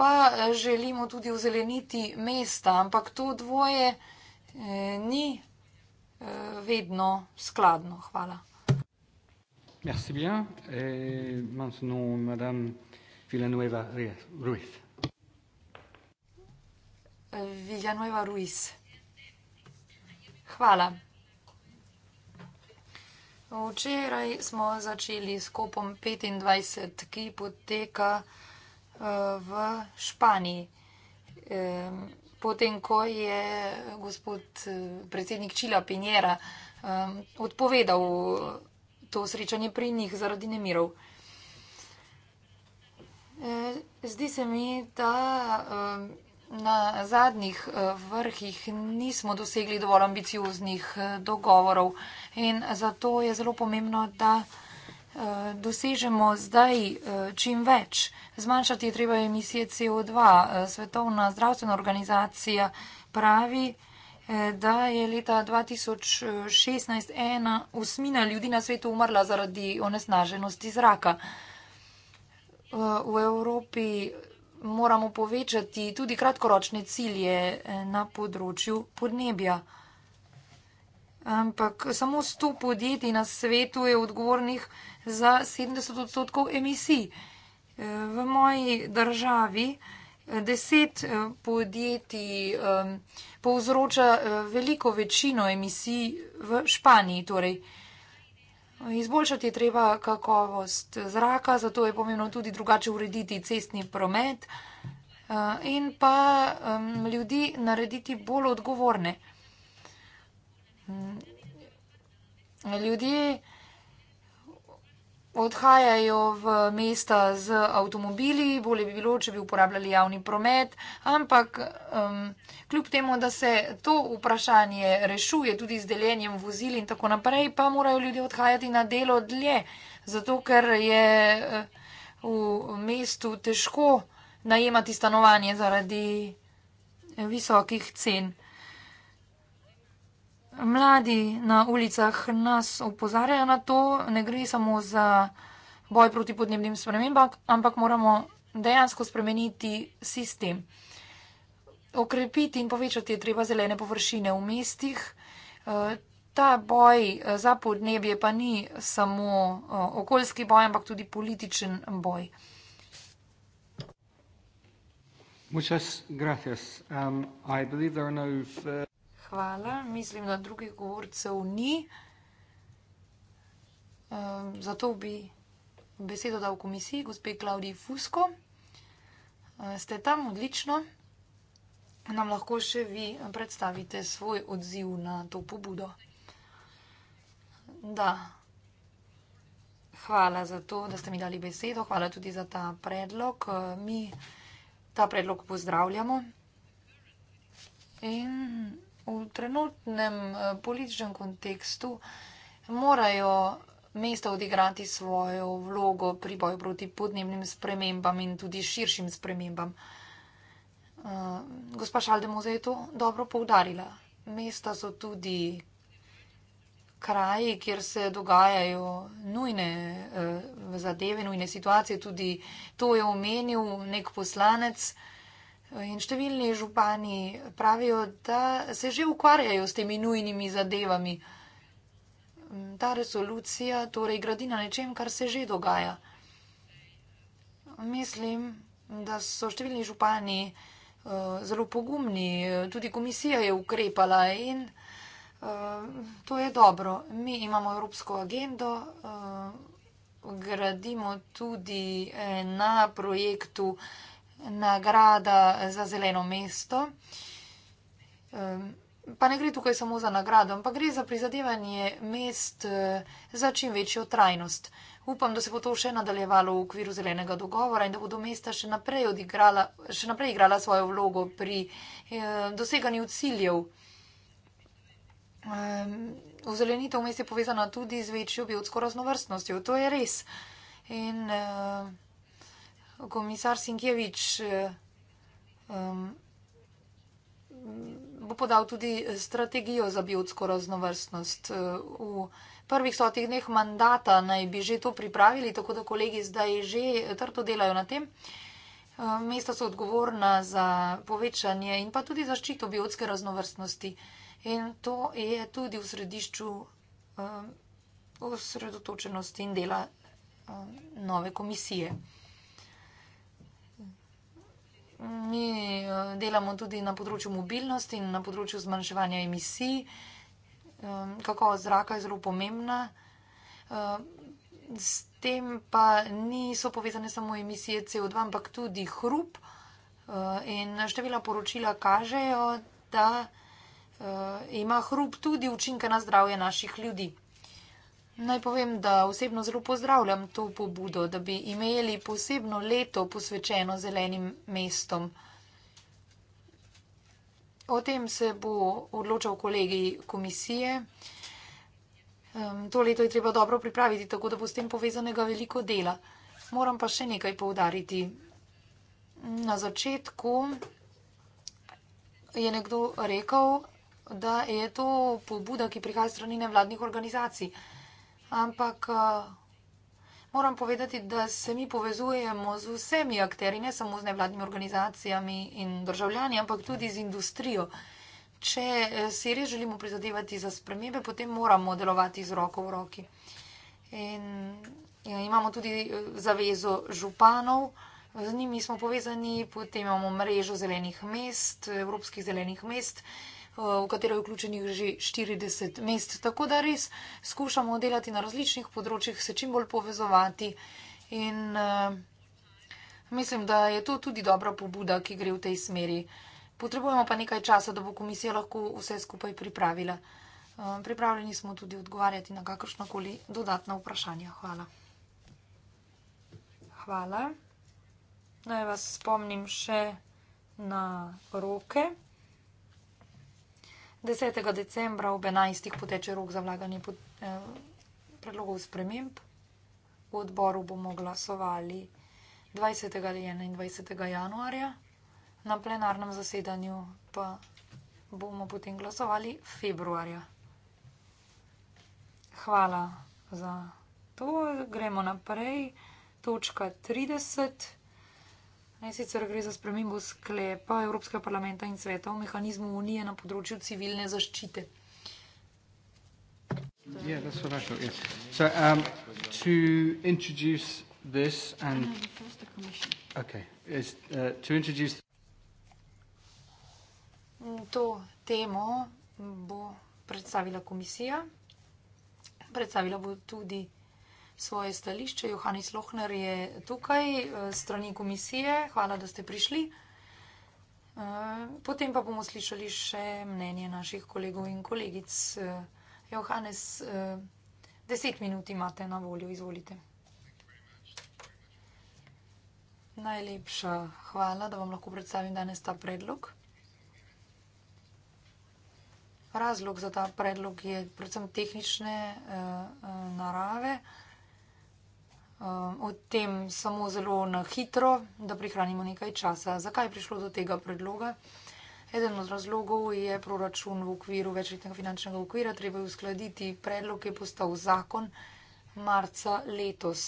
pa eh, želimo tudi ozeleniti mesta. Ampak to dvoje eh, ni Eh, vedno skladno. Hvala. Merci bien. Et maintenant, Madame Villanueva Ruiz. Eh, Villanueva Ruiz. Hvala. Včeraj smo začeli s kopom 25, ki poteka eh, v Španiji potem, ko je gospod eh, predsednik Čila Pinjera um, odpovedal to srečanje pri njih zaradi nemirov. Eh, zdi se mi, da na zadnjih eh, vrhih nismo dosegli dovolj ambicioznih dogovorov in zato je zelo pomembno, da Eh, dosežemo zdaj eh, čim več. Zmanjšati je treba emisije CO2. Eh, Svetovna zdravstvena organizacija pravi, da je leta 2016 ena osmina ljudi na svetu umrla zaradi onesnaženosti zraka. V Evropi moramo povečati tudi kratkoročne cilje na področju podnebja ampak samo 100 podjetij na svetu je odgovornih za 70 odstotkov emisij. V moji državi 10 eh, eh, podjetij eh, povzroča veliko večino emisij v Španiji. Torej. Izboljšati je treba kakovost zraka, zato je pomembno tudi drugače urediti cestni promet in pa ljudi narediti bolj odgovorne. Mm. ljudje odhajajo v mesta z avtomobili, bolje bi bilo, če bi uporabljali javni promet, ampak um, kljub temu, da se to vprašanje rešuje tudi z deljenjem vozil in tako naprej, pa morajo ljudje odhajati na delo dlje, zato ker je uh, v mestu težko najemati stanovanje zaradi visokih cen mladi na ulicah nas opozarjajo na to, ne gre samo za boj proti podnebnim spremembam, ampak moramo dejansko spremeniti sistem. Okrepiti in povečati je treba zelene površine v mestih. Eh, ta boj eh, za podnebje pa ni samo eh, okoljski boj, ampak tudi političen boj. Muchas gracias. Um, I believe there are no further hvala. Mislim, da drugih govorcev ni. Um, zato bi besedo dal komisiji, gospe Klaudiji Fusko. Uh, ste tam odlično. Nam lahko še vi predstavite svoj odziv na to pobudo. Da. Hvala za to, da ste mi dali besedo. Hvala tudi za ta predlog. Mi ta predlog pozdravljamo. In v trenutnem eh, političnem kontekstu morajo mesta odigrati svojo vlogo pri boju proti podnebnim spremembam in tudi širšim spremembam. Eh, gospa Šaldemoza je to dobro poudarila. Mesta so tudi kraji, kjer se dogajajo nujne eh, zadeve, nujne situacije. Tudi to je omenil nek poslanec. In številni župani pravijo, da se že ukvarjajo s temi nujnimi zadevami. Mm, ta resolucija torej gradi na nečem, kar se že dogaja. Mislim, da so številni župani eh, zelo pogumni, tudi komisija je ukrepala in eh, to je dobro. Mi imamo evropsko agendo, eh, gradimo tudi na projektu nagrada za zeleno mesto. Pa ne gre tukaj samo za nagrado, ampak gre za prizadevanje mest eh, za čim večjo trajnost. Upam, da se bo to še nadaljevalo v okviru zelenega dogovora in da bodo mesta še naprej, odigrala, še naprej igrala svojo vlogo pri eh, doseganju ciljev. Ozelenitev mest je povezana tudi z večjo biotsko raznovrstnostjo. To je res. In uh, Komisar Sinkjevič um, eh, bo podal tudi strategijo za biotsko raznovrstnost. Eh, v prvih stotih dneh mandata naj bi že to pripravili, tako da kolegi zdaj že trdo delajo na tem. Eh, mesta so odgovorna za povečanje in pa tudi zaščito biotske raznovrstnosti. In to je tudi v središču um, osredotočenosti in dela um, nove komisije mi eh, delamo tudi na področju mobilnosti in na področju zmanjševanja emisij. Ehm, Kako zraka je zelo pomembna. Ehm, s tem pa niso povezane samo emisije CO2, ampak tudi hrup. Ehm, in števila poročila kažejo, da ima hrup tudi učinke na zdravje naših ljudi. Naj povem, da osebno zelo pozdravljam to pobudo, da bi imeli posebno leto posvečeno zelenim mestom. O tem se bo odločal kolegi komisije. To leto je treba dobro pripraviti, tako da bo s tem povezanega veliko dela. Moram pa še nekaj povdariti. Na začetku je nekdo rekel, da je to pobuda, ki prihaja strani nevladnih organizacij ampak eh, moram povedati, da se mi povezujemo z vsemi akteri, ne samo z nevladnimi organizacijami in državljani, ampak tudi z industrijo. Če eh, si res želimo prizadevati za spremembe, potem moramo delovati z roko v roki. In, in eh, imamo tudi zavezo županov, z njimi smo povezani, potem imamo mrežo zelenih mest, evropskih zelenih mest. Uh, Eh, v katero je vključenih že 40 mest. Tako da res skušamo delati na različnih področjih, se čim bolj povezovati in eh, mislim, da je to tudi dobra pobuda, ki gre v tej smeri. Potrebujemo pa nekaj časa, da bo komisija lahko vse skupaj pripravila. Eh, pripravljeni smo tudi odgovarjati na kakršnakoli dodatna vprašanja. Hvala. Hvala. Naj vas spomnim še na roke. 10. decembra ob 11. poteče rok za vlaganje eh, predlogov sprememb. V odboru bomo glasovali 20. in 21. januarja, na plenarnem zasedanju pa bomo potem glasovali februarja. Hvala za to. Gremo naprej. Točka 30. In sicer gre za spremembo sklepa Evropskega parlamenta in sveta o mehanizmu Unije na področju civilne zaščite. Yeah, that's what I thought. Yes. So um, to introduce this and no, okay, is uh, to introduce. To temo bo predstavila komisija. Predstavila bo tudi svoje stališče. Johannes Lohner je tukaj, eh, strani komisije. Hvala, da ste prišli. Eh, potem pa bomo slišali še mnenje naših kolegov in kolegic. Eh, Johannes, deset minut imate na voljo, izvolite. Najlepša hvala, da vam lahko predstavim danes ta predlog. Razlog za ta predlog je predvsem tehnične uh, uh, narave. Um, o tem samo zelo na hitro, da prihranimo nekaj časa. Zakaj je prišlo do tega predloga? Eden od razlogov je proračun v okviru večletnega finančnega okvira. Treba je uskladiti predlog, ki je postal zakon marca letos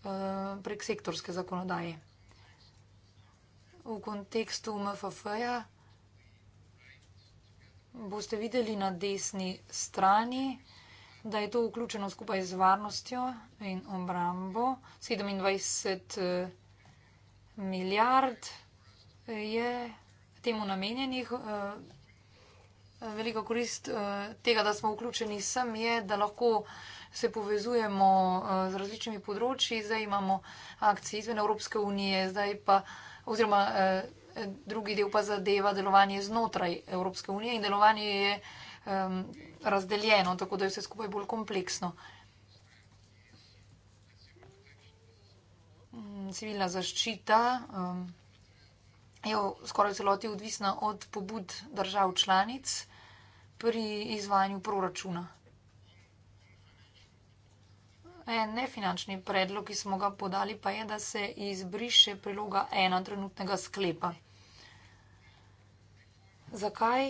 um, prek sektorske zakonodaje. V kontekstu MFF-ja boste videli na desni strani, da je to vključeno skupaj z varnostjo in obrambo. 27 eh, milijard eh, je temu namenjenih. Eh, Velika korist tega, da smo vključeni sem, je, da lahko se povezujemo z različnimi področji. Zdaj imamo akcije izven Evropske unije, zdaj pa oziroma drugi del pa zadeva delovanje znotraj Evropske unije in delovanje je um, razdeljeno, tako da je vse skupaj bolj kompleksno. Mm, civilna zaščita um, je v skoraj celoti odvisna od pobud držav članic pri izvajanju proračuna. En nefinančni predlog, ki smo ga podali, pa je, da se izbriše priloga ena trenutnega sklepa. Zakaj?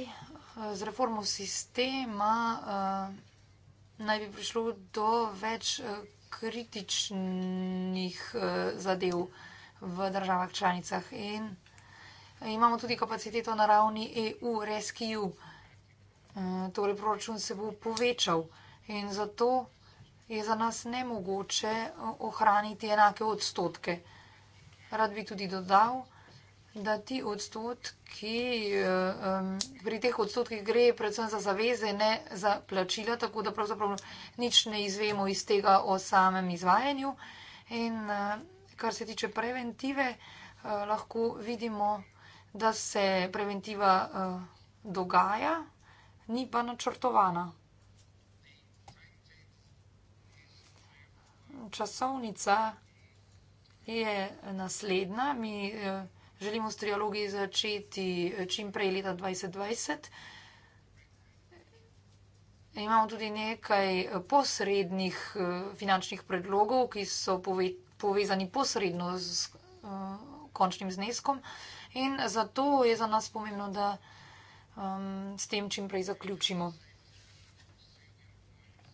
z reformo sistema eh, naj bi prišlo do več eh, kritičnih eh, zadev v državah članicah in imamo tudi kapaciteto na ravni EU, RescueU. Torej, proračun se bo povečal in zato je za nas nemogoče ohraniti enake odstotke. Rad bi tudi dodal, da ti odstotki, eh, pri teh odstotkih gre predvsem za zaveze, ne za plačila, tako da pravzaprav nič ne izvemo iz tega o samem izvajanju. In eh, kar se tiče preventive, eh, lahko vidimo, da se preventiva dogaja, ni pa načrtovana. Časovnica je naslednja. Mi, želimo s trialogi začeti eh, čim prej leta 2020. Imamo tudi nekaj eh, posrednih eh, finančnih predlogov, ki so pove, povezani posredno z uh, končnim zneskom in zato je za nas pomembno, da um, s tem čim prej zaključimo.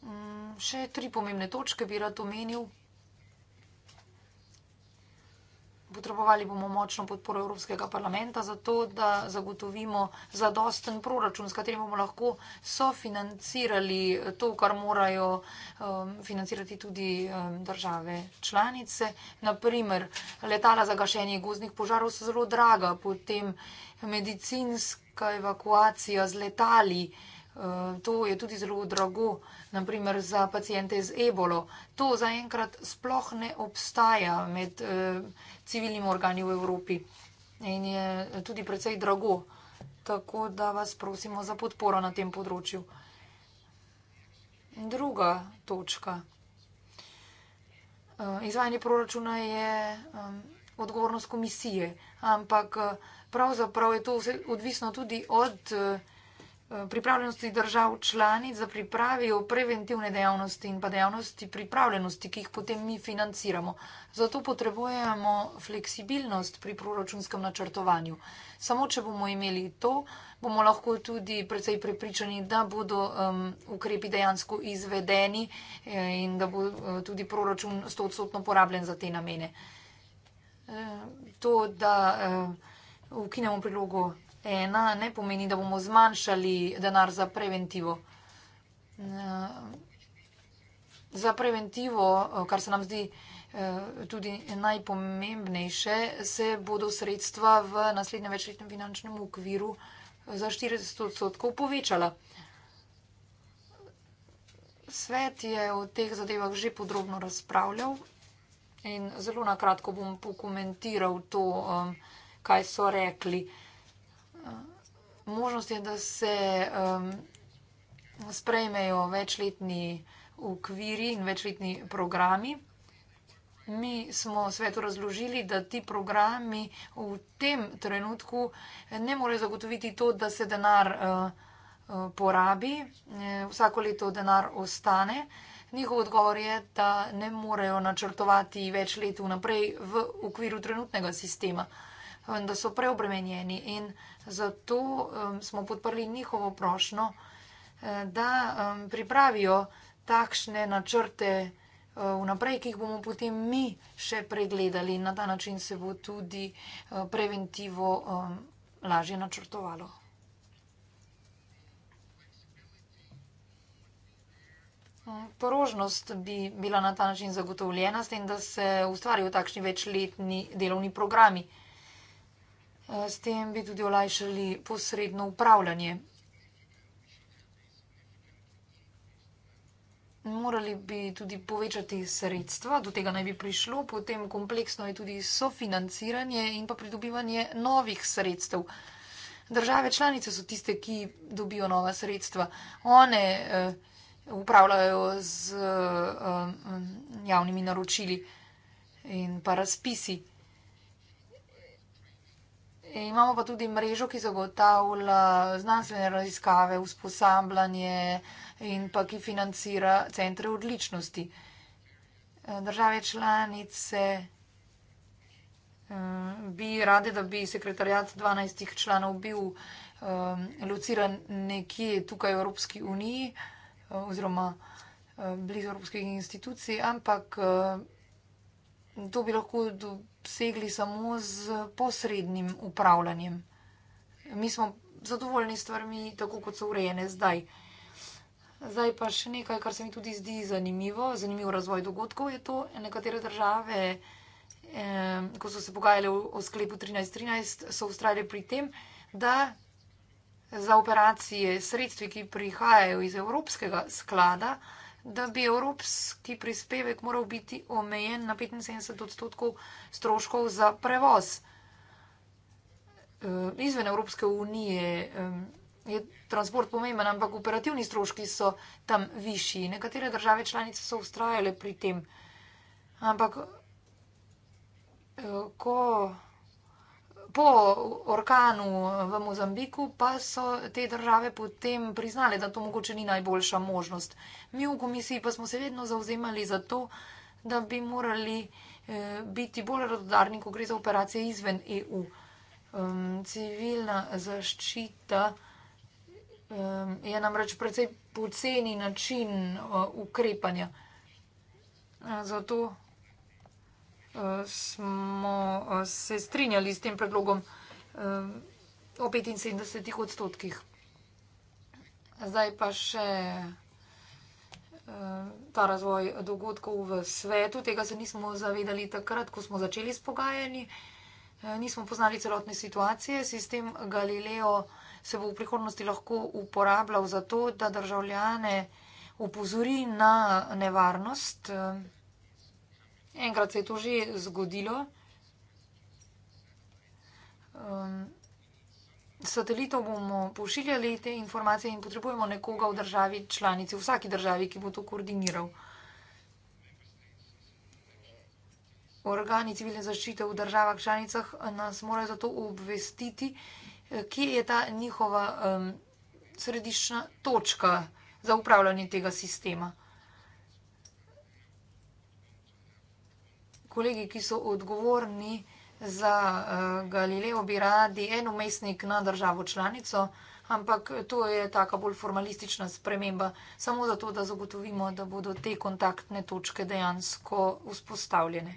Um, še tri pomembne točke bi rad omenil. Potrebovali bomo močno podporo Evropskega parlamenta, zato da zagotovimo zadosten proračun, s katerim bomo lahko sofinancirali to, kar morajo um, financirati tudi um, države članice. Naprimer, letala za gašenje gozdnih požarov so zelo draga, potem medicinska evakuacija z letali. Eh, to je tudi zelo drago, naprimer za pacijente z ebolo. To zaenkrat sploh ne obstaja med eh, civilnimi organi v Evropi in je tudi precej drago. Tako da vas prosimo za podporo na tem področju. Druga točka. Eh, izvajanje proračuna je odgovornost komisije, ampak pravzaprav je to vse odvisno tudi od komisije, Eh, pripravljenosti držav članic, da pripravijo preventivne dejavnosti in pa dejavnosti pripravljenosti, ki jih potem mi financiramo. Zato potrebujemo fleksibilnost pri proračunskem načrtovanju. Samo, če bomo imeli to, bomo lahko tudi precej prepričani, da bodo um, ukrepi dejansko izvedeni eh, in da bo eh, tudi proračun stotsotno porabljen za te namene. To, da ukinemo prilogo ena ne pomeni, da bomo zmanjšali denar za preventivo. Eh, za preventivo, eh, kar se nam zdi eh, tudi najpomembnejše, se bodo sredstva v naslednjem večletnem finančnem okviru za 40 odstotkov povečala. Svet je o teh zadevah že podrobno razpravljal in zelo nakratko bom pokomentiral to, kaj so rekli možnost je, da se um, sprejmejo večletni ukviri in večletni programi. Mi smo svetu razložili, da ti programi v tem trenutku ne morejo zagotoviti to, da se denar uh, uh porabi, eh, vsako leto denar ostane. Njihov odgovor je, da ne morejo načrtovati več let vnaprej v okviru trenutnega sistema. Uh, Um, da so preobremenjeni in zato um, smo podprli njihovo prošno, eh, da um, pripravijo takšne načrte eh, vnaprej, ki jih bomo potem mi še pregledali in na ta način se bo tudi eh, preventivo lažje načrtovalo. Porožnost bi bila na ta način zagotovljena s tem, da se ustvarijo takšni večletni delovni programi. Eh, s tem bi tudi olajšali posredno upravljanje. Morali bi tudi povečati sredstva, do tega naj bi prišlo, potem kompleksno je tudi sofinanciranje in pa pridobivanje novih sredstev. Države članice so tiste, ki dobijo nova sredstva. One uh, upravljajo z uh, javnimi naročili in pa razpisi. Imamo pa tudi mrežo, ki zagotavlja znanstvene raziskave, usposabljanje in pa ki financira centre odličnosti. Eh, države članice eh, bi rade, da bi sekretarjat 12 članov bil eh, lociran nekje tukaj v Evropski uniji oziroma blizu Evropskih institucij, ampak to bi lahko dosegli samo z posrednim upravljanjem. Mi smo zadovoljni s stvarmi, tako kot so urejene zdaj. Zdaj pa še nekaj, kar se mi tudi zdi zanimivo, zanimiv razvoj dogodkov je to. Nekatere države, eh, ko so se pogajale o, o sklepu 1313, so ustrajale pri tem, da za operacije sredstvi, ki prihajajo iz Evropskega sklada, eh, da bi evropski prispevek moral biti omejen na 75 odstotkov stroškov za prevoz. Ehm, izven Evropske unije ehm, je transport pomemben, ampak operativni stroški so tam višji. Nekatere države članice so ustrajale pri tem. Ampak eh, ko po orkanu v Mozambiku pa so te države potem priznale, da to mogoče ni najboljša možnost. Mi v komisiji pa smo se vedno zauzemali za to, da bi morali eh, biti bolj radodarni, ko gre za operacije izven EU. Civilna zaščita je namreč precej poceni način eh, ukrepanja. Zato smo eh, se strinjali s tem predlogom eh, o 75 odstotkih. Zdaj pa še eh, ta razvoj dogodkov v svetu. Tega se nismo zavedali takrat, ko smo začeli s pogajanji. Nismo poznali celotne situacije. Sistem Galileo se bo v prihodnosti lahko uporabljal za to, da državljane upozori na nevarnost enkrat se je to že zgodilo. Um, satelitov bomo pošiljali te informacije in potrebujemo nekoga v državi, članici, v vsaki državi, ki bo to koordiniral. Organi civilne zaščite v državah članicah nas morajo zato obvestiti, eh, kje je ta njihova um, središčna točka za upravljanje tega sistema. kolegi, ki so odgovorni za eh, Galileo, bi radi en umestnik na državo članico, ampak to je taka bolj formalistična sprememba, samo zato, da zagotovimo, da bodo te kontaktne točke dejansko vzpostavljene.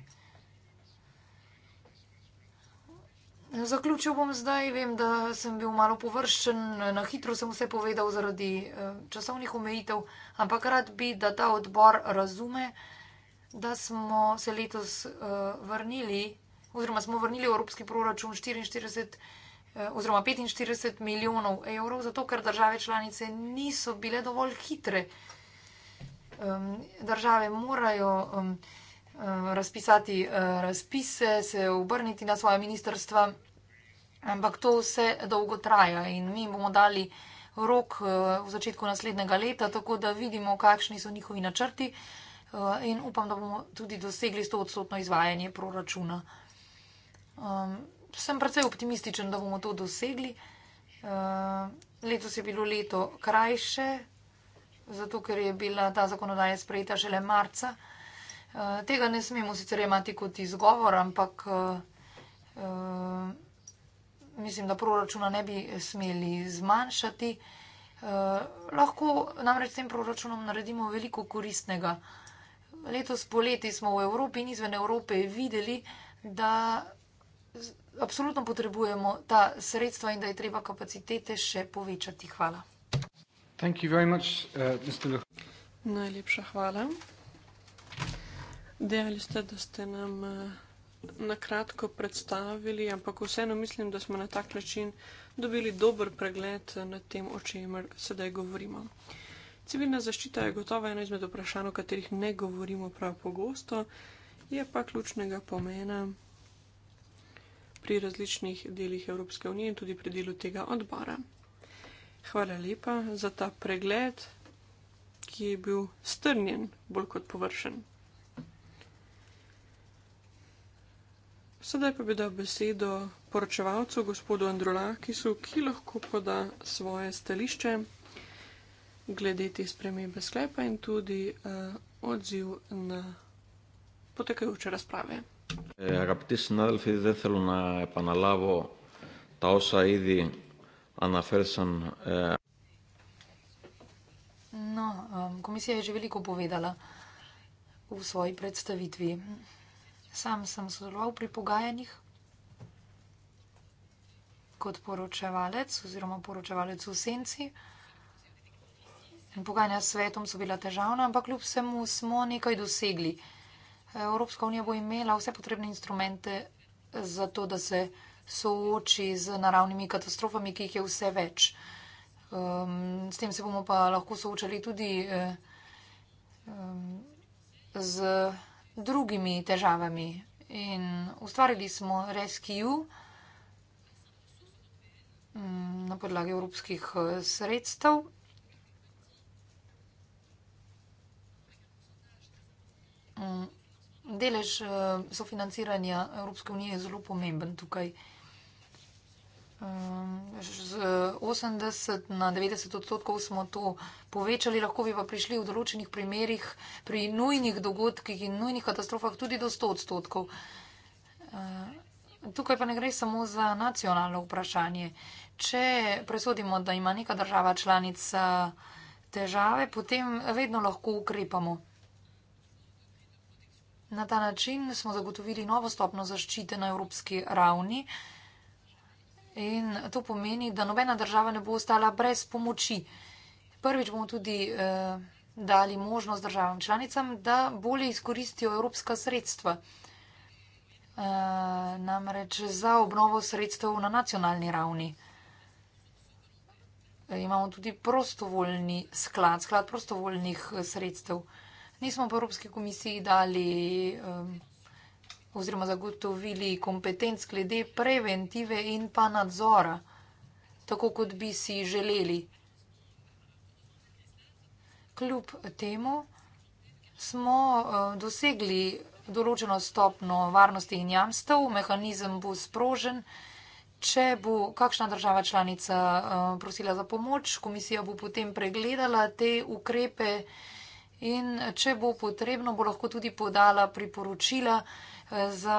Zaključil bom zdaj, vem, da sem bil malo površen, na hitro sem vse povedal zaradi eh, časovnih omejitev, ampak rad bi, da ta odbor razume, da je to, da smo se letos eh, vrnili, oziroma smo vrnili v evropski proračun 44 eh, oziroma 45 milijonov evrov, zato ker države članice niso bile dovolj hitre. Države morajo razpisati eh, razpise, se obrniti na svoje ministrstva, ampak to vse dolgo traja in mi jim bomo dali rok v začetku naslednjega leta, tako da vidimo, kakšni so njihovi načrti. Eh, in upam, da bomo tudi dosegli 100 odstotno izvajanje proračuna. Sem precej optimističen, da bomo to dosegli. Eh, letos je bilo leto krajše, zato ker je bila ta zakonodaja sprejeta šele marca. Eh, tega ne smemo sicer imati kot izgovor, ampak mislim, da proračuna ne bi smeli zmanjšati. Lahko namreč s tem proračunom naredimo veliko koristnega letos poleti smo v Evropi in izven Evrope videli, da absolutno potrebujemo ta sredstva in da je treba kapacitete še povečati. Hvala. Much, uh, Najlepša hvala. Dejali ste, da ste nam uh, na kratko predstavili, ampak vseeno mislim, da smo na tak način dobili dober pregled nad tem, o čemer sedaj govorimo. Civilna zaščita je gotovo eno izmed vprašanj, o katerih ne govorimo prav pogosto, je pa ključnega pomena pri različnih delih Evropske unije in tudi pri delu tega odbora. Hvala lepa za ta pregled, ki je bil strnjen bolj kot površen. Sedaj pa bi dal besedo poročevalcu gospodu Androlakisu, ki lahko poda svoje stališče glede te spremembe sklepa in tudi uh, odziv na potekajoče razprave. Eh, αγαπητοί συνάδελφοι, δεν θέλω να επαναλάβω τα όσα ήδη αναφέρθηκαν. No, um, Komisija je že veliko povedala v svoji predstavitvi. Sam sem sodeloval pri pogajanjih kot poročevalec oziroma poročevalec v senci in pogajanja s svetom so bila težavna, ampak kljub vsemu smo nekaj dosegli. Evropska unija bo imela vse potrebne instrumente za to, da se sooči z naravnimi katastrofami, ki jih je vse več. Um, s tem se bomo pa lahko soočali tudi um, z drugimi težavami. In ustvarili smo Rescue um, na podlagi evropskih eh, sredstev Mm, delež eh, sofinanciranja Evropske unije je zelo pomemben tukaj. Um, z 80 na 90 odstotkov smo to povečali, lahko bi pa prišli v določenih primerjih pri nujnih dogodkih in nujnih katastrofah tudi do 100 odstotkov. Eh, tukaj pa ne gre samo za nacionalno vprašanje. Če presodimo, da ima neka država članica težave, potem vedno lahko ukrepamo. Na ta način smo zagotovili novo stopno zaščite na evropski ravni in to pomeni, da nobena država ne bo ostala brez pomoči. Prvič bomo tudi eh, dali možnost državam članicam, da bolje izkoristijo evropska sredstva, eh, namreč za obnovo sredstev na nacionalni ravni. Imamo tudi prostovoljni sklad, sklad prostovoljnih eh, sredstev nismo v Evropski komisiji dali um, oziroma zagotovili kompetenc glede preventive in pa nadzora, tako kot bi si želeli. Kljub temu smo uh, dosegli določeno stopno varnosti in jamstev, mehanizem bo sprožen. Če bo kakšna država članica uh, prosila za pomoč, komisija bo potem pregledala te ukrepe. In če bo potrebno, bo lahko tudi podala priporočila eh, za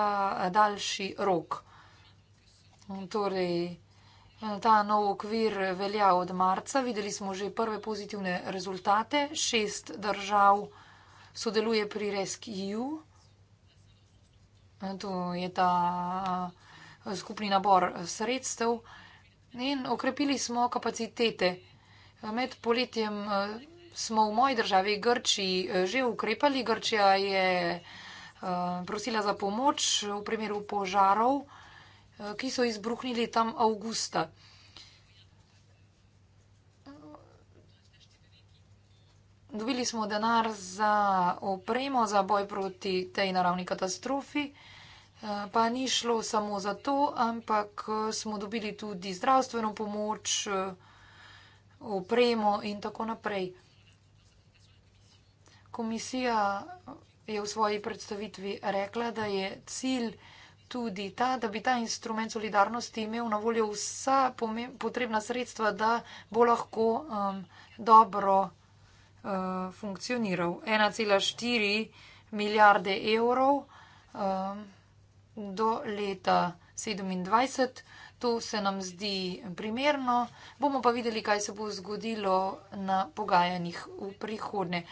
daljši rok. Torej, eh, ta nov okvir velja od marca. Videli smo že prve pozitivne rezultate. Šest držav sodeluje pri RescEU. Eh, to je ta skupni nabor sredstev. In okrepili smo kapacitete. Med poletjem smo v moji državi Grčiji eh, že ukrepali. Grčija je eh, prosila za pomoč v primeru požarov, eh, ki so izbruhnili tam avgusta. Dobili smo denar za opremo, za boj proti tej naravni katastrofi, pa ni šlo samo za to, ampak smo dobili tudi zdravstveno pomoč, opremo in tako naprej komisija je v svoji predstavitvi rekla, da je cilj tudi ta, da bi ta instrument solidarnosti imel na voljo vsa potrebna sredstva, da bo lahko um, dobro uh, funkcioniral. 1,4 milijarde evrov um, do leta 27. To se nam zdi primerno. Bomo pa videli, kaj se bo zgodilo na pogajanjih v prihodnje. Uh,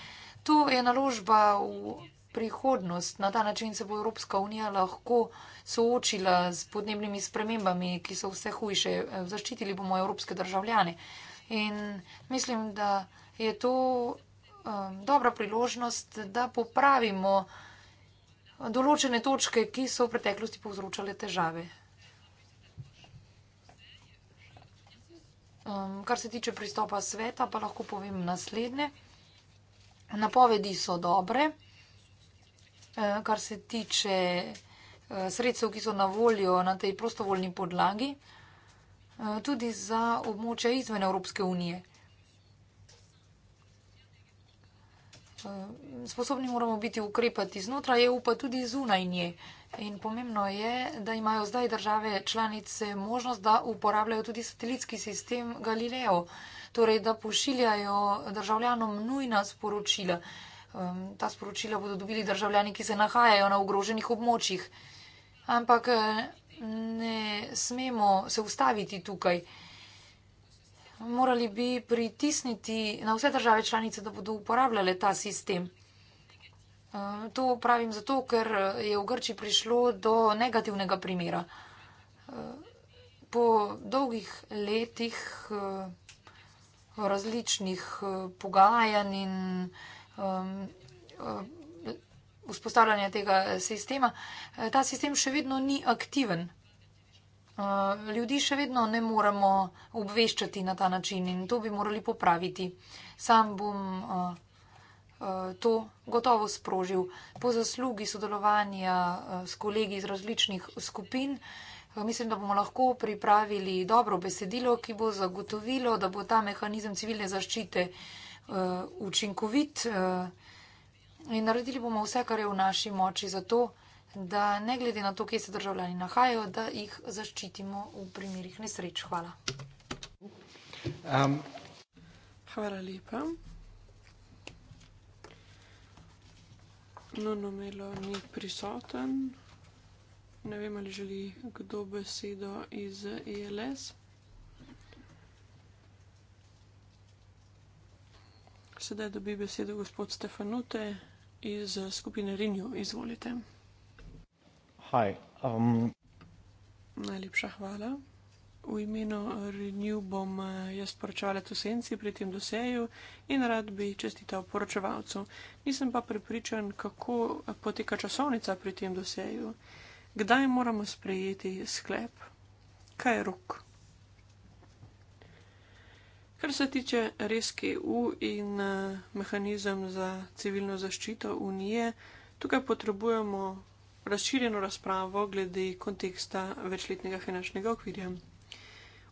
To je naložba v prihodnost. Na ta način se bo Evropska unija lahko soočila z podnebnimi spremembami, ki so vse hujše. Zaščitili bomo evropske državljane. In mislim, da je to um, dobra priložnost, da popravimo določene točke, ki so v preteklosti povzročale težave. Um, kar se tiče pristopa sveta, pa lahko povem naslednje. Napovedi so dobre, eh, kar se tiče eh, sredstev, ki so na voljo na tej prostovoljni podlagi, eh, tudi za območje izven Evropske unije. Sposobni moramo biti ukrepati znotraj EU, pa tudi zunaj nje. In pomembno je, da imajo zdaj države članice možnost, da uporabljajo tudi satelitski sistem Galileo torej da pošiljajo državljanom nujna sporočila. Um, ta sporočila bodo dobili državljani, ki se nahajajo na ogroženih območjih. Ampak eh, ne smemo se ustaviti tukaj. Morali bi pritisniti na vse države članice, da bodo uporabljale ta sistem. Eh, to pravim zato, ker je v Grči prišlo do negativnega primera. Eh, po dolgih letih različnih eh, pogajanj in um, vzpostavljanja tega sistema. Eh, ta sistem še vedno ni aktiven. Ljudi še vedno ne moremo obveščati na ta način in to bi morali popraviti. Sam bom to gotovo sprožil po zaslugi sodelovanja s kolegi iz različnih skupin. Mislim, da bomo lahko pripravili dobro besedilo, ki bo zagotovilo, da bo ta mehanizem civilne zaščite eh, učinkovit eh, in naredili bomo vse, kar je v naši moči za to, da ne glede na to, kje se državljani nahajajo, da jih zaščitimo v primerih nesreč. Hvala. Um. Hvala lepa. Nuno Melo ni prisoten. Ne vem, ali želi kdo besedo iz ELS. Sedaj dobi besedo gospod Stefanute iz skupine Rinju. Izvolite. Hi, um... Najlepša hvala. V imenu Renew bom eh, jaz poročala tu senci pri tem doseju in rad bi čestital poročevalcu. Nisem pa prepričan, kako poteka časovnica pri tem doseju. Uh, Kdaj moramo sprejeti sklep? Kaj je rok? Kar se tiče RSKU in eh, mehanizem za civilno zaščito unije, tukaj potrebujemo razširjeno razpravo glede konteksta večletnega finančnega okvirja.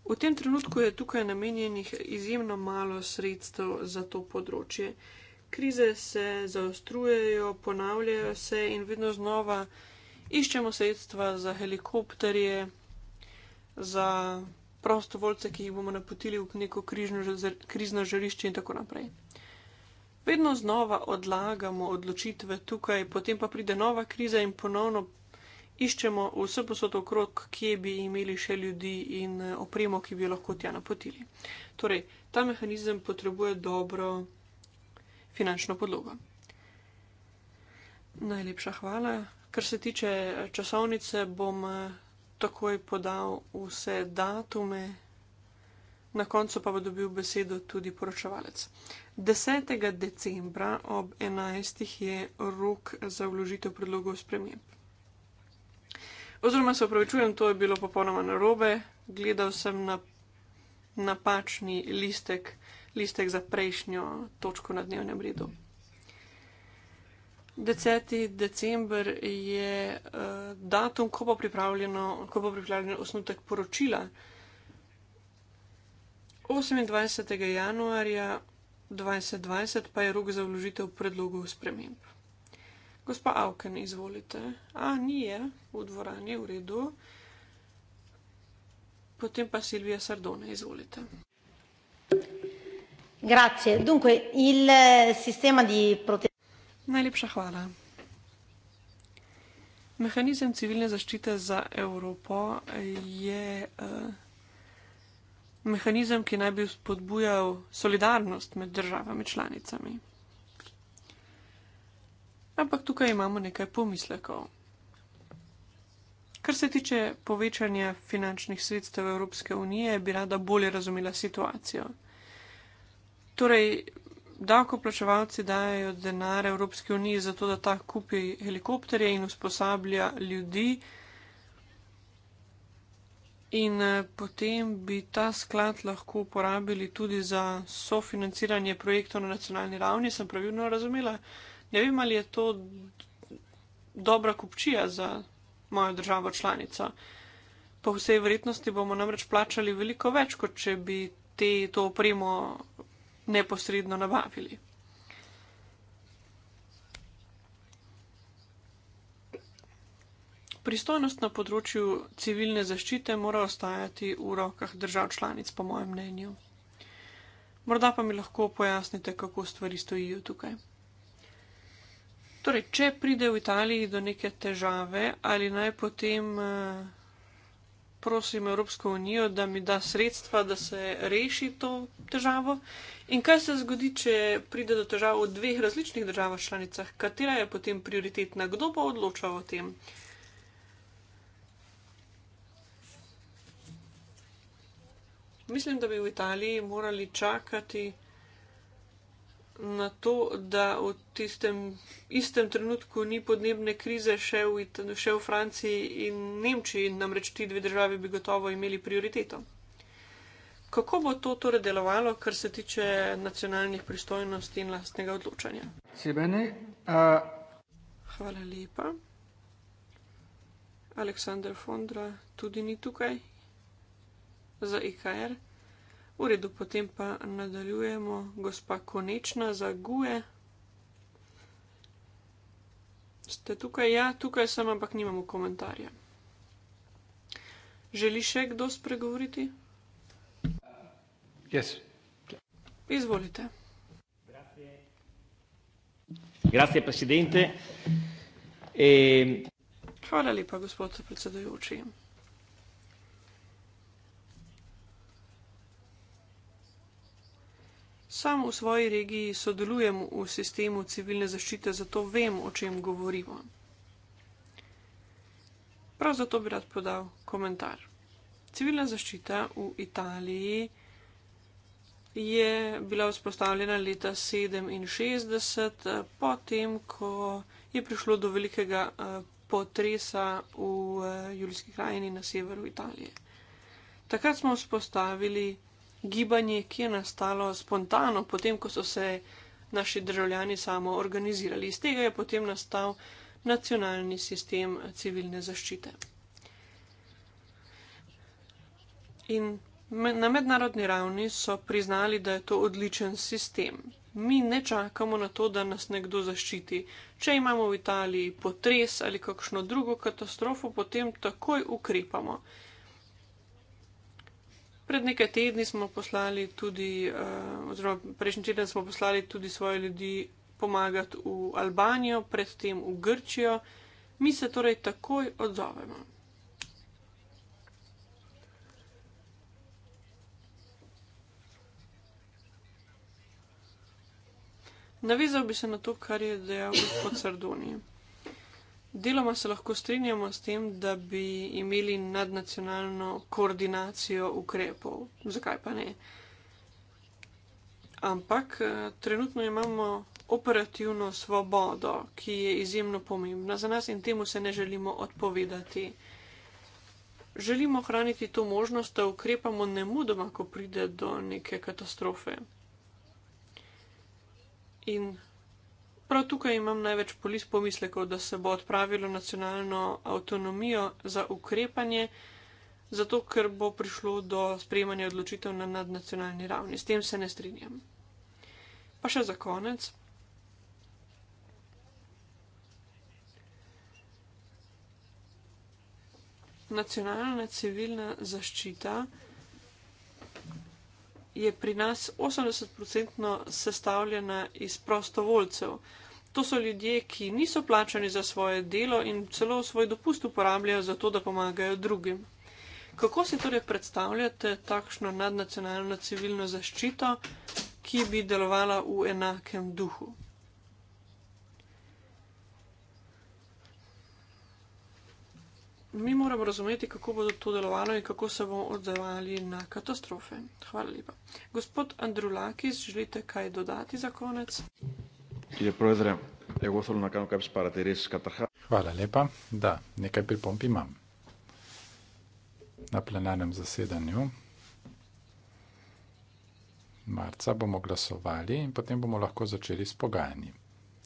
V tem trenutku je tukaj namenjenih izjemno malo sredstev za to področje. Krize se zaostrujejo, ponavljajo se in vedno znova iščemo sredstva za helikopterje, za prostovoljce, ki jih bomo napotili v neko križno žarišče in tako naprej. Vedno znova odlagamo odločitve tukaj, potem pa pride nova kriza in ponovno iščemo vse posod okrog, kje bi imeli še ljudi in eh, opremo, ki bi lahko tja napotili. Torej, ta mehanizem potrebuje dobro finančno podlogo. Najlepša hvala. Kar se tiče eh, časovnice, bom eh, takoj podal vse datume, na koncu pa bo dobil besedo tudi poročevalec. 10. decembra ob 11. je rok za vložitev predlogov sprememb. Oziroma, se opravičujem, to je bilo popolnoma narobe. Gledal sem na napačni listek, listek za prejšnjo točko na dnevnem redu. 10. december je uh, datum, ko bo, ko bo pripravljeno osnutek poročila. 28. januarja 2020 pa je rok za vložitev predlogov sprememb. Gospa Avken, izvolite. A, ni je, v dvorani je v redu. Potem pa Silvija Sardone, izvolite. Grazie. Dunque, il eh, sistema di protezione. Najlepša hvala. Mehanizem civilne zaščite za Evropo je uh, mehanizem, ki naj bi spodbujal solidarnost med državami članicami. Ampak tukaj imamo nekaj pomislekov. Kar se tiče povečanja finančnih sredstev Evropske unije, bi rada bolje razumela situacijo. Torej, Davkoplačevalci dajo denar Evropski uniji za to, da ta kupi helikopterje in usposablja ljudi. In eh, potem bi ta sklad lahko uporabili tudi za sofinanciranje projektov na nacionalni ravni, sem pravilno razumela. Ne vem, ali je to dobra kupčija za mojo državo članico. Po vsej verjetnosti bomo namreč plačali veliko več, kot če bi te, to opremo neposredno nabavili. Pristojnost na področju civilne zaščite mora ostajati v rokah držav članic, po mojem mnenju. Morda pa mi lahko pojasnite, kako stvari stojijo tukaj. Torej, če pride v Italiji do neke težave, ali naj potem. Uh, prosim Evropsko unijo, da mi da sredstva, da se reši to težavo. In kaj se zgodi, če pride do težav v dveh različnih državah članicah, katera je potem prioritetna, kdo pa odloča o tem? Mislim, da bi v Italiji morali čakati na to, da v tistem istem trenutku ni podnebne krize še v, še v Franciji in Nemčiji, namreč ti dve državi bi gotovo imeli prioriteto. Kako bo to torej delovalo, kar se tiče nacionalnih pristojnosti in lastnega odločanja? Sebeni, a... Hvala lepa. Aleksandr Fondra tudi ni tukaj za IKR. E V redu, potem pa nadaljujemo, gospa Konečna za GUE. Ste tukaj? Ja, tukaj sem, ampak nimamo komentarja. Želi še kdo spregovoriti? Jaz. Yes. Izvolite. Grazie, presidente. E... Hvala lepa, gospod predsedujoči. Sam v svoji regiji sodelujem v sistemu civilne zaščite, zato vem, o čem govorimo. Prav zato bi rad podal komentar. Civilna zaščita v Italiji je bila vzpostavljena leta 67, potem, ko je prišlo do velikega eh, potresa v eh, Julijski krajini na severu Italije. Takrat smo vzpostavili gibanje, ki je nastalo spontano, potem ko so se naši državljani samo organizirali. Iz tega je potem nastal nacionalni sistem civilne zaščite. In na mednarodni ravni so priznali, da je to odličen sistem. Mi ne čakamo na to, da nas nekdo zaščiti. Če imamo v Italiji potres ali kakšno drugo katastrofo, potem takoj ukrepamo. Pred nekaj tedni smo poslali tudi, eh, oziroma prejšnji teden smo poslali tudi svoje ljudi pomagati v Albanijo, predtem v Grčijo. Mi se torej takoj odzovemo. Navezal bi se na to, kar je dejal gospod Sardoni. Deloma se lahko strinjamo s tem, da bi imeli nadnacionalno koordinacijo ukrepov. Zakaj pa ne? Ampak eh, trenutno imamo operativno svobodo, ki je izjemno pomembna za nas in temu se ne želimo odpovedati. Želimo ohraniti to možnost, da ukrepamo nemudoma, ko pride do neke katastrofe. In Prav tukaj imam največ polis pomislekov, da se bo odpravilo nacionalno avtonomijo za ukrepanje, zato ker bo prišlo do sprejemanja odločitev na nadnacionalni ravni. S tem se ne strinjam. Pa še za konec. Nacionalna civilna zaščita je pri nas 80-odstotno sestavljena iz prostovoljcev. To so ljudje, ki niso plačani za svoje delo in celo svoj dopust uporabljajo za to, da pomagajo drugim. Kako si torej predstavljate takšno nadnacionalno civilno zaščito, ki bi delovala v enakem duhu? mi moramo razumeti, kako bo to delovalo in kako se bomo odzevali na katastrofe. Hvala lepa. Gospod Andrulakis, želite kaj dodati za konec? Hvala lepa. Da, nekaj pripomp imam. Na plenarnem zasedanju marca bomo glasovali in potem bomo lahko začeli s pogajanji.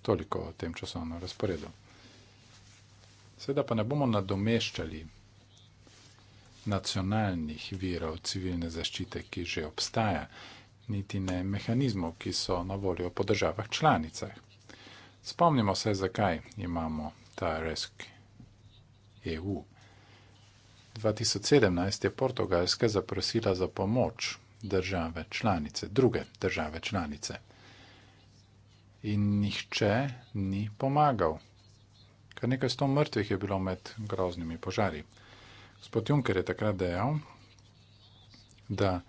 Toliko o tem časovnem razporedu. Seveda pa ne bomo nadomeščali nacionalnih virov civilne zaščite, ki že obstaja, niti ne mehanizmov, ki so na voljo po državah članicah. Spomnimo se, zakaj imamo ta resk EU. 2017 je Portugalska zaprosila za pomoč države članice, druge države članice. In nihče ni pomagal kar nekaj sto mrtvih je bilo med groznimi požari. Gospod Juncker je takrat dejal, da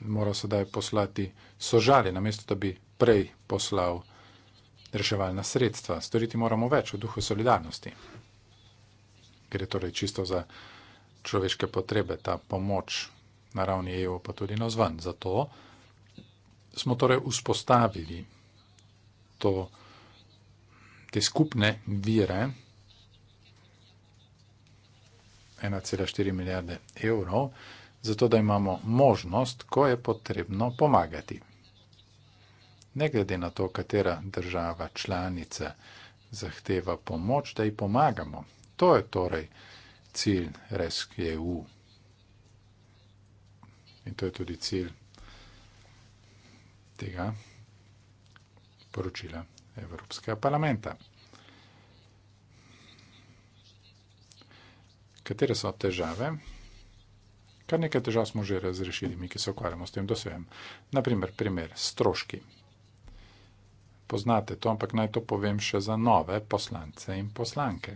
mora sedaj poslati sožalje, namesto da bi prej poslal reševalna sredstva. Storiti moramo več v duhu solidarnosti. Gre torej čisto za človeške potrebe, ta pomoč na ravni EU, pa tudi na zvon. Zato smo torej vzpostavili to, te skupne vire 1,4 milijarde evrov, zato da imamo možnost, ko je potrebno pomagati. Ne glede na to, katera država članica zahteva pomoč, da ji pomagamo. To je torej cilj RESQ-EU. In to je tudi cilj tega poročila. Evropskega parlamenta. Katere so težave? Kar nekaj težav smo že razrešili, mi, ki se ukvarjamo s tem dosegom. Naprimer, primer stroški. Poznate to, ampak naj to povem še za nove poslance in poslanke.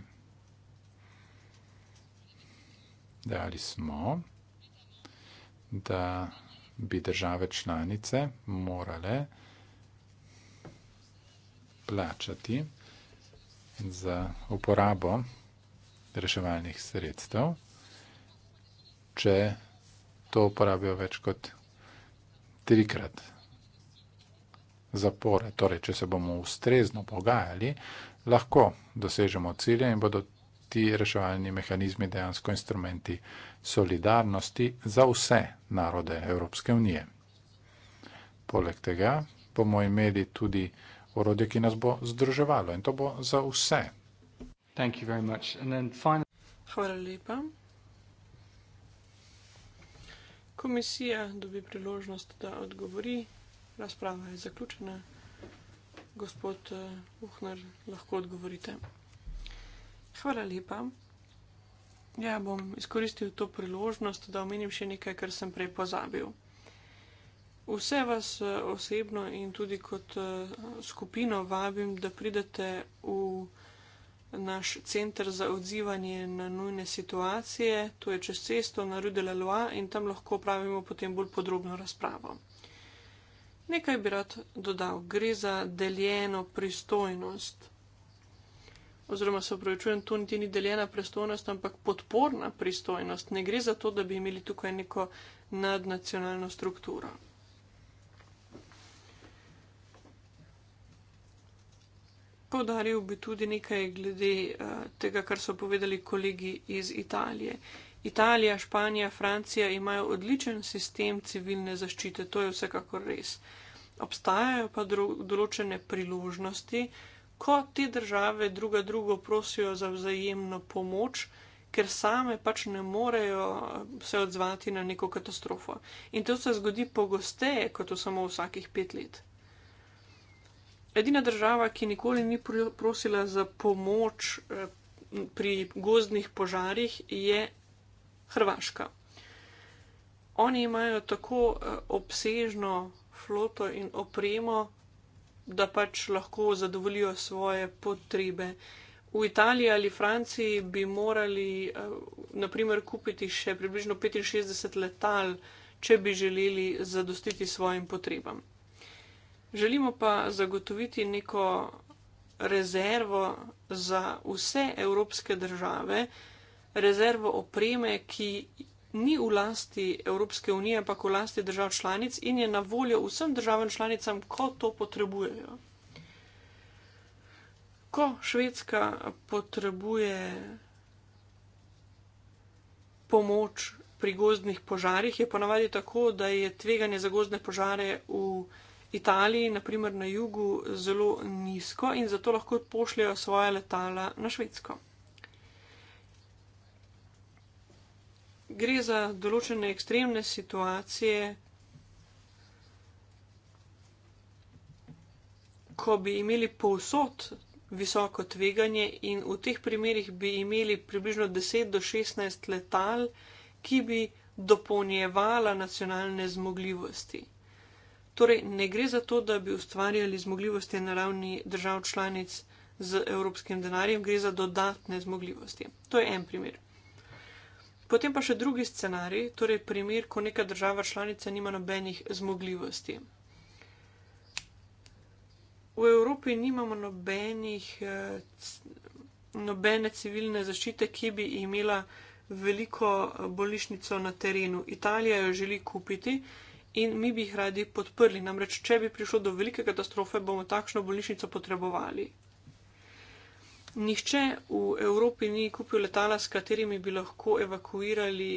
Dejali smo, da bi države članice morale plačati za uporabo reševalnih sredstev, če to uporabijo več kot trikrat zapore. Torej, če se bomo ustrezno pogajali, lahko dosežemo cilje in bodo ti reševalni mehanizmi dejansko instrumenti solidarnosti za vse narode Evropske unije. Poleg tega bomo imeli tudi orodje, ki nas bo združevalo in to bo za vse. Hvala lepa. Komisija dobi priložnost, da odgovori. Razprava je zaključena. Gospod eh, Uhner, lahko odgovorite. Hvala lepa. Ja, bom izkoristil to priložnost, da omenim še nekaj, kar sem prej pozabil. Vse vas eh, osebno in tudi kot eh, skupino vabim, da pridete v naš center za odzivanje na nujne situacije, to je čez cesto na Rue de la Loa in tam lahko pravimo potem bolj podrobno razpravo. Nekaj bi rad dodal. Gre za deljeno pristojnost. Oziroma, se upravičujem, to niti ni deljena pristojnost, ampak podporna pristojnost. Ne gre za to, da bi imeli tukaj neko nadnacionalno strukturo. Podaril bi tudi nekaj glede uh, tega, kar so povedali kolegi iz Italije. Italija, Španija, Francija imajo odličen sistem civilne zaščite, to je vsekakor res. Obstajajo pa dro, določene priložnosti, ko te države druga drugo prosijo za vzajemno pomoč, ker same pač ne morejo eh, se odzvati na neko katastrofo. In to se zgodi pogosteje, kot to samo vsakih pet let edina država, ki nikoli ni prosila za pomoč eh, pri gozdnih požarih, je Hrvaška. Oni imajo tako eh, obsežno floto in opremo, da pač lahko zadovoljijo svoje potrebe. V Italiji ali Franciji bi morali eh, naprimer kupiti še približno 65 letal, če bi želeli zadostiti svojim potrebam. Želimo pa zagotoviti neko rezervo za vse evropske države, rezervo opreme, ki ni v lasti Evropske unije, ampak v lasti držav članic in je na voljo vsem državam članicam, ko to potrebujejo. Ko Švedska potrebuje pomoč pri gozdnih požarih, je ponavadi tako, da je tveganje za gozdne požare v Evropi. Italiji, naprimer na jugu, zelo nizko in zato lahko pošljajo svoje letala na Švedsko. Gre za določene ekstremne situacije, ko bi imeli povsod visoko tveganje in v teh primerjih bi imeli približno 10 do 16 letal, ki bi dopolnjevala nacionalne zmogljivosti. Torej, ne gre za to, da bi ustvarjali zmogljivosti na ravni držav članic z evropskim denarjem, gre za dodatne zmogljivosti. To je en primer. Potem pa še drugi scenarij, torej primer, ko neka država članica nima nobenih zmogljivosti. V Evropi nimamo nobenih, eh, nobene civilne zaščite, ki bi imela veliko eh, bolnišnico na terenu. Italija jo želi kupiti, in mi bi jih radi podprli. Namreč, če bi prišlo do velike katastrofe, bomo takšno bolnišnico potrebovali. Nihče v Evropi ni kupil letala, s katerimi bi lahko evakuirali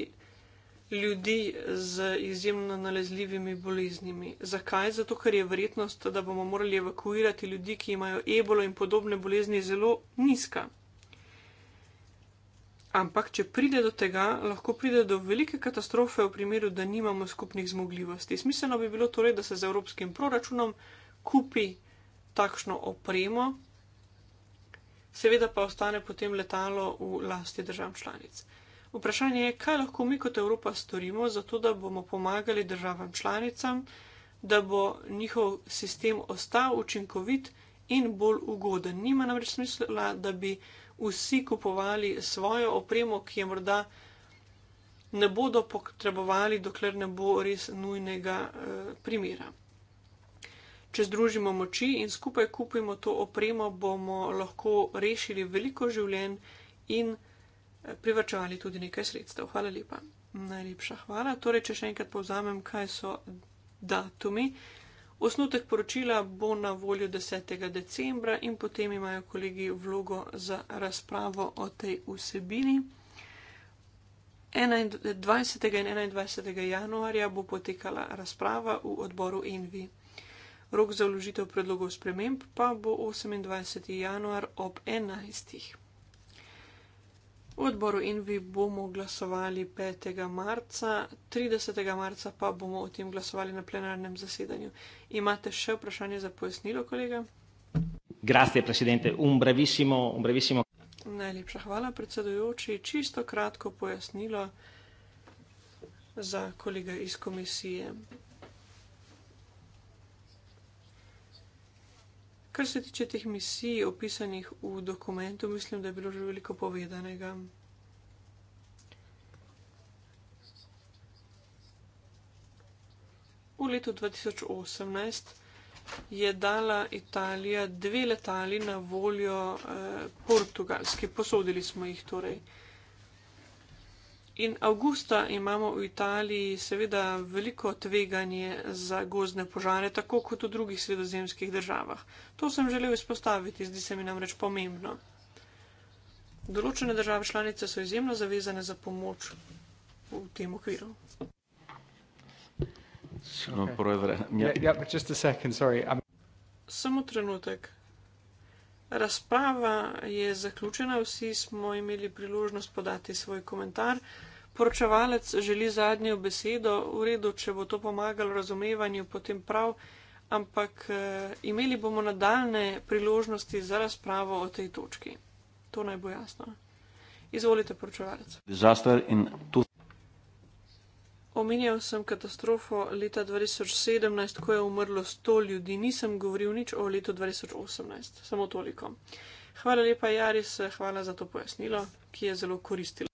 ljudi z izjemno nalezljivimi boleznimi. Zakaj? Zato, ker je verjetnost, da bomo morali evakuirati ljudi, ki imajo ebolo in podobne bolezni, zelo nizka. Ampak, če pride do tega, lahko pride do velike katastrofe, v primeru, da nimamo skupnih zmogljivosti. Smiselno bi bilo torej, da se z evropskim proračunom kupi takšno opremo, seveda pa ostane potem letalo v lasti držav članic. Vprašanje je, kaj lahko mi kot Evropa storimo, zato da bomo pomagali državam članicam, da bo njihov sistem ostal učinkovit in bolj ugoden. Nima namreč smisla, da bi vsi kupovali svojo opremo, ki je morda ne bodo potrebovali, dokler ne bo res nujnega eh, primera. Če združimo moči in skupaj kupimo to opremo, bomo lahko rešili veliko življenj in eh, privačevali tudi nekaj sredstev. Hvala lepa. Najlepša hvala. Torej, če še enkrat povzamem, kaj so datumi. Osnutek poročila bo na voljo 10. decembra in potem imajo kolegi vlogo za razpravo o tej vsebini. 20. in 21. januarja bo potekala razprava v odboru Envi. Rok za vložitev predlogov sprememb pa bo 28. januar ob 11. V odboru Envi bomo glasovali 5. marca, 30. marca pa bomo o tem glasovali na plenarnem zasedanju. Imate še vprašanje za pojasnilo, kolega? Grazie, presidente. Un brevissimo, un brevissimo. Najlepša hvala, predsedujoči. Čisto kratko pojasnilo za kolega iz komisije. Kar se tiče teh misij, opisanih v dokumentu, mislim, da je bilo že veliko povedanega. V letu 2018 je dala Italija dve letali na voljo eh, portugalski, posodili smo jih torej. In avgusta imamo v Italiji seveda veliko tveganje za gozdne požare, tako kot v drugih sredozemskih državah. To sem želel izpostaviti, zdi se mi namreč pomembno. Določene države članice so izjemno zavezane za pomoč v tem okviru. Okay. Ja. Yeah. Yeah, yeah, second, Samo trenutek. Razprava je zaključena, vsi smo imeli priložnost podati svoj komentar poročevalec želi zadnjo besedo, v redu, če bo to pomagalo razumevanju, potem prav, ampak eh, imeli bomo nadaljne priložnosti za razpravo o tej točki. To naj bo jasno. Izvolite, poročevalec. Omenjal sem katastrofo leta 2017, ko je umrlo 100 ljudi, nisem govoril nič o letu 2018, samo toliko. Hvala lepa, Jaris, hvala za to pojasnilo, ki je zelo koristilo.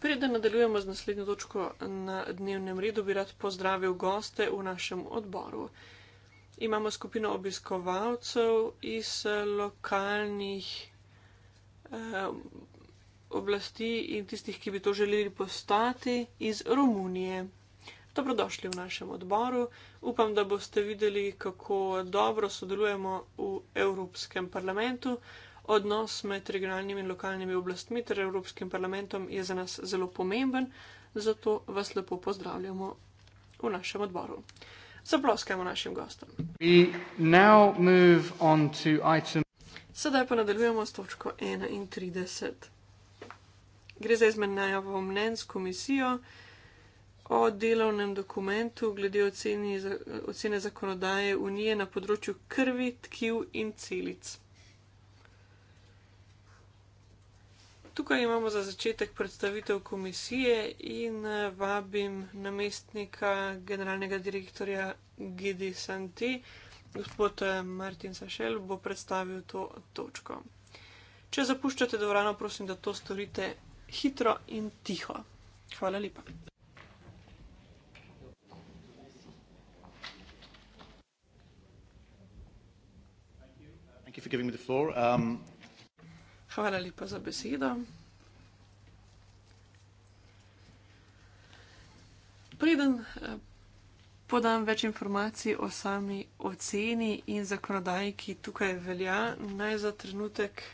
Preden nadaljujemo z naslednjo točko na dnevnem redu, bi rad pozdravil goste v našem odboru. Imamo skupino obiskovalcev iz eh, lokalnih eh, oblasti in tistih, ki bi to želeli postati, iz Romunije. Dobrodošli v našem odboru. Upam, da boste videli, kako dobro sodelujemo v Evropskem parlamentu odnos med regionalnimi in lokalnimi oblastmi ter Evropskim parlamentom je za nas zelo pomemben, zato vas lepo pozdravljamo v našem odboru. Zaploskajmo našim gostom. Item... Sedaj pa nadaljujemo s točko 31. Gre za izmenjavo mnen s komisijo o delovnem dokumentu glede oceni, ocene zakonodaje Unije na področju krvi, tkiv in celic. Tukaj imamo za začetek predstavitev komisije in eh, vabim namestnika generalnega direktorja GD Santi, gospod eh, Martin Sašel, bo predstavil to točko. Če zapuščate dvorano, prosim, da to storite hitro in tiho. Hvala lepa. Thank you for giving me the floor. Um, Hvala lepa za besedo. Preden eh, podam več informacij o sami oceni in zakonodaji, ki tukaj velja, naj za trenutek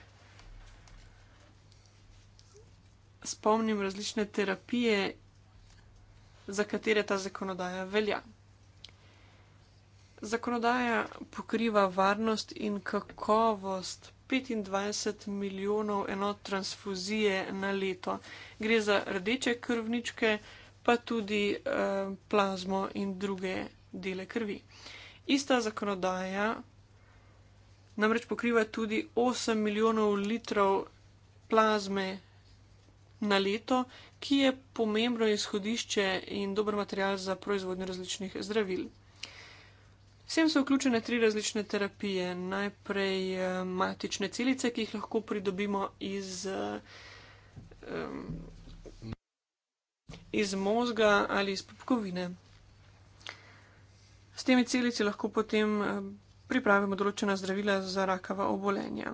spomnim različne terapije, za katere ta zakonodaja velja. Zakonodaja pokriva varnost in kakovost 25 milijonov enot transfuzije na leto. Gre za rdeče krvničke, pa tudi eh, plazmo in druge dele krvi. Ista zakonodaja namreč pokriva tudi 8 milijonov litrov plazme na leto, ki je pomembno izhodišče in dober material za proizvodnjo različnih zdravil. Vsem so vključene tri različne terapije. Najprej eh, matične celice, ki jih lahko pridobimo iz, eh, iz možga ali iz popkovine. S temi celici lahko potem eh, pripravimo določena zdravila za rakava obolenja.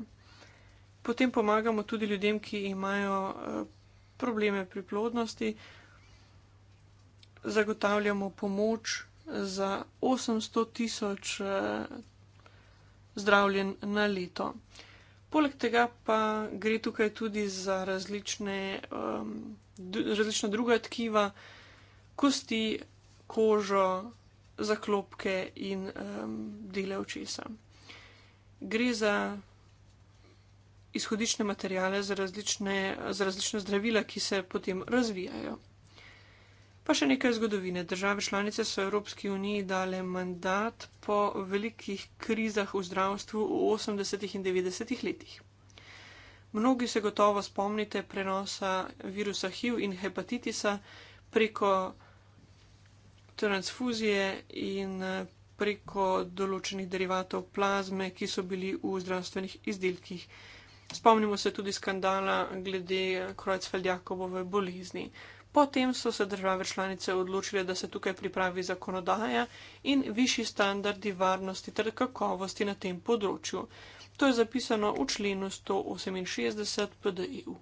Potem pomagamo tudi ljudem, ki imajo probleme pri plodnosti, zagotavljamo pomoč za 800 tisoč eh, zdravljen na leto. Poleg tega pa gre tukaj tudi za različne, um, različna druga tkiva, kosti, kožo, zaklopke in um, dele očesa. Gre za izhodične materijale za različne, za različne zdravila, ki se potem razvijajo. Pa še nekaj zgodovine. Države članice so Evropski uniji dale mandat po velikih krizah v zdravstvu v 80. in 90. letih. Mnogi se gotovo spomnite prenosa virusa HIV in hepatitisa preko transfuzije in eh, preko določenih derivatov plazme, ki so bili v zdravstvenih izdelkih. Spomnimo se tudi skandala glede Krojcfeldjakovove bolezni. Potem so se države članice odločile, da se tukaj pripravi zakonodaja in višji standardi varnosti ter kakovosti na tem področju. To je zapisano v členu 168 PDEU.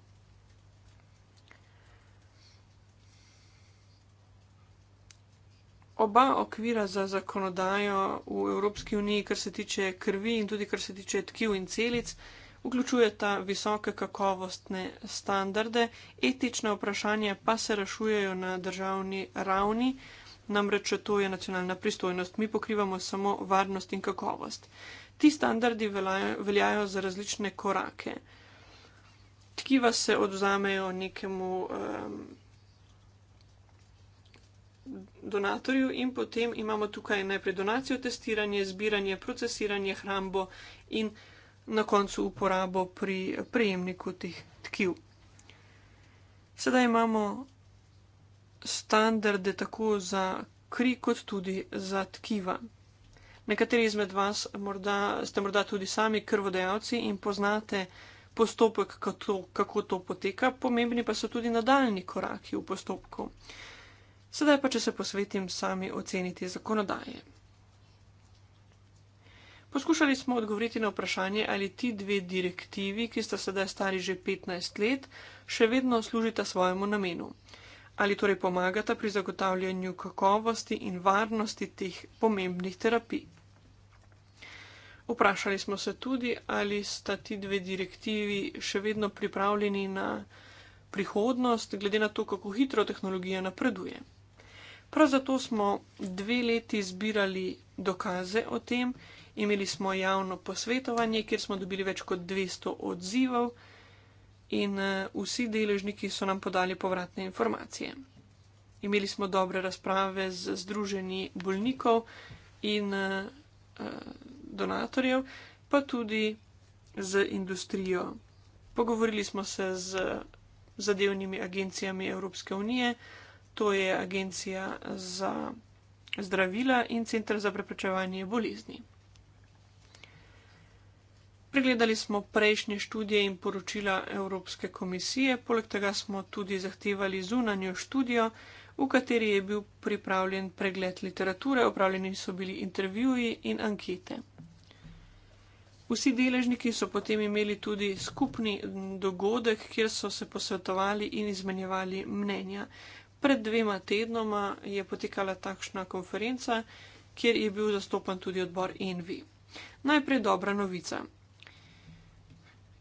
Oba okvira za zakonodajo v Evropski uniji, kar se tiče krvi in tudi kar se tiče tkiv in celic, vključujeta visoke kakovostne standarde, etične vprašanja pa se rešujejo na državni ravni, namreč to je nacionalna pristojnost, mi pokrivamo samo varnost in kakovost. Ti standardi veljajo za različne korake. Tkiva se odzamejo nekemu um, donatorju in potem imamo tukaj najprej donacijo, testiranje, zbiranje, procesiranje, hrambo in na koncu uporabo pri prejemniku teh tkiv. Sedaj imamo standarde tako za kri, kot tudi za tkiva. Nekateri izmed vas morda, ste morda tudi sami krvodajalci in poznate postopek, kato, kako to poteka, pomembni pa so tudi nadaljni koraki v postopku. Sedaj pa, če se posvetim sami oceniti zakonodaje. Poskušali smo odgovoriti na vprašanje, ali ti dve direktivi, ki sta sedaj stari že 15 let, še vedno služita svojemu namenu. Ali torej pomagata pri zagotavljanju kakovosti in varnosti teh pomembnih terapij. Vprašali smo se tudi, ali sta ti dve direktivi še vedno pripravljeni na prihodnost, glede na to, kako hitro tehnologija napreduje. Prav zato smo dve leti zbirali dokaze o tem, Imeli smo javno posvetovanje, kjer smo dobili več kot 200 odzivov in eh, vsi deležniki so nam podali povratne informacije. Imeli smo dobre razprave z združenji bolnikov in eh, eh, donatorjev, pa tudi z industrijo. Pogovorili smo se z zadevnimi agencijami Evropske unije, to je Agencija za zdravila in Center za preprečevanje bolezni. Pregledali smo prejšnje študije in poročila Evropske komisije, poleg tega smo tudi zahtevali zunanjo študijo, v kateri je bil pripravljen pregled literature, opravljeni so bili intervjuji in ankete. Vsi deležniki so potem imeli tudi skupni dogodek, kjer so se posvetovali in izmenjevali mnenja. Pred dvema tednoma je potekala takšna konferenca, kjer je bil zastopan tudi odbor Envi. Najprej dobra novica.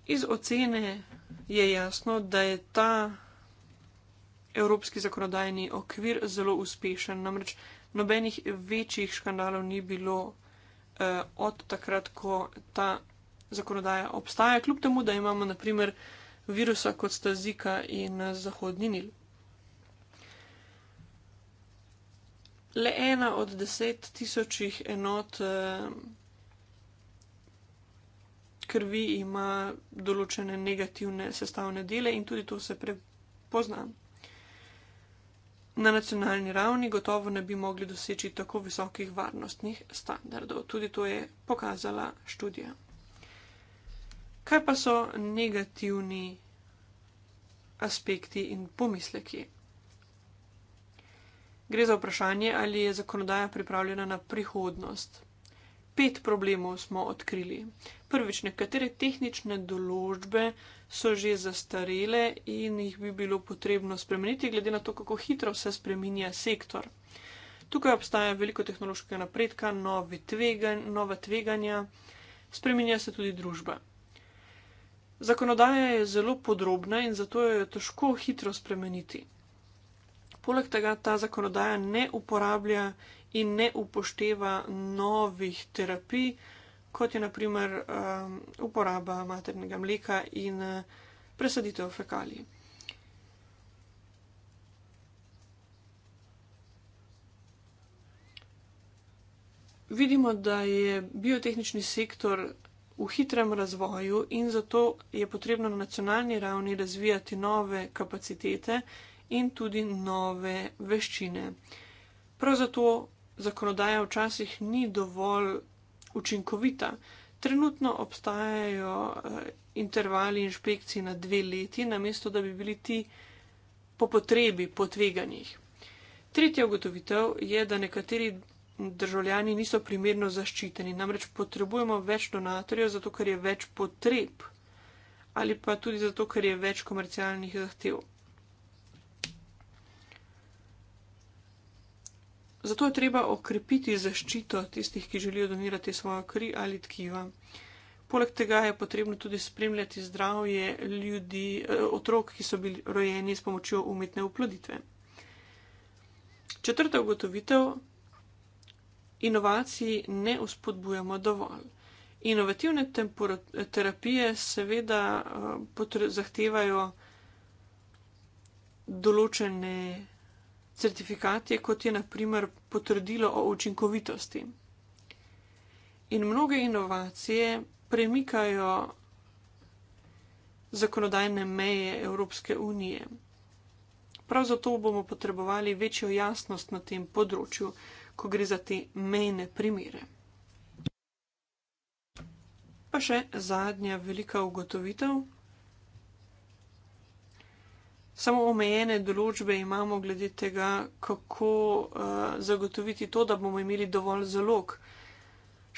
Iz ocene je jasno, da je ta evropski zakonodajni okvir zelo uspešen. Namreč nobenih večjih škandalov ni bilo eh, od takrat, ko ta zakonodaja obstaja, kljub temu, da imamo naprimer virusa kot sta Zika in eh, Zahodni Nil. Le ena od deset tisočih enot. Eh, krvi ima določene negativne sestavne dele in tudi to se prepozna. Na nacionalni ravni gotovo ne bi mogli doseči tako visokih varnostnih standardov. Tudi to je pokazala študija. Kaj pa so negativni aspekti in pomisleki? Gre za vprašanje, ali je zakonodaja pripravljena na prihodnost pet problemov smo odkrili. Prvič, nekatere tehnične določbe so že zastarele in jih bi bilo potrebno spremeniti, glede na to, kako hitro se spreminja sektor. Tukaj obstaja veliko tehnološkega napredka, tvegan, nova tveganja, spreminja se tudi družba. Zakonodaja je zelo podrobna in zato jo je težko hitro spremeniti. Poleg tega ta zakonodaja ne uporablja in ne upošteva novih terapij, kot je naprimer um, uporaba maternega mleka in uh, presaditev fekalij. Vidimo, da je biotehnični sektor v hitrem razvoju in zato je potrebno na nacionalni ravni razvijati nove kapacitete in tudi nove veščine. Prav zato zakonodaja včasih ni dovolj učinkovita. Trenutno obstajajo eh, intervali inšpekcij na dve leti, namesto da bi bili ti po potrebi, po tveganjih. Tretja ugotovitev je, da nekateri državljani niso primerno zaščiteni, namreč potrebujemo več donatorjev, zato ker je več potreb ali pa tudi zato, ker je več komercialnih zahtev. Zato je treba okrepiti zaščito tistih, ki želijo donirati svojo kri ali tkiva. Poleg tega je potrebno tudi spremljati zdravje ljudi, eh, otrok, ki so bili rojeni s pomočjo umetne oploditve. Četrta ugotovitev: inovacij ne uspodbujamo dovolj. Inovativne terapije seveda eh, zahtevajo določene certifikati, kot je naprimer potrdilo o učinkovitosti. In mnoge inovacije premikajo zakonodajne meje Evropske unije. Prav zato bomo potrebovali večjo jasnost na tem področju, ko gre za te mejne primere. Pa še zadnja velika ugotovitev samo omejene določbe imamo glede tega, kako uh, zagotoviti to, da bomo imeli dovolj zalog.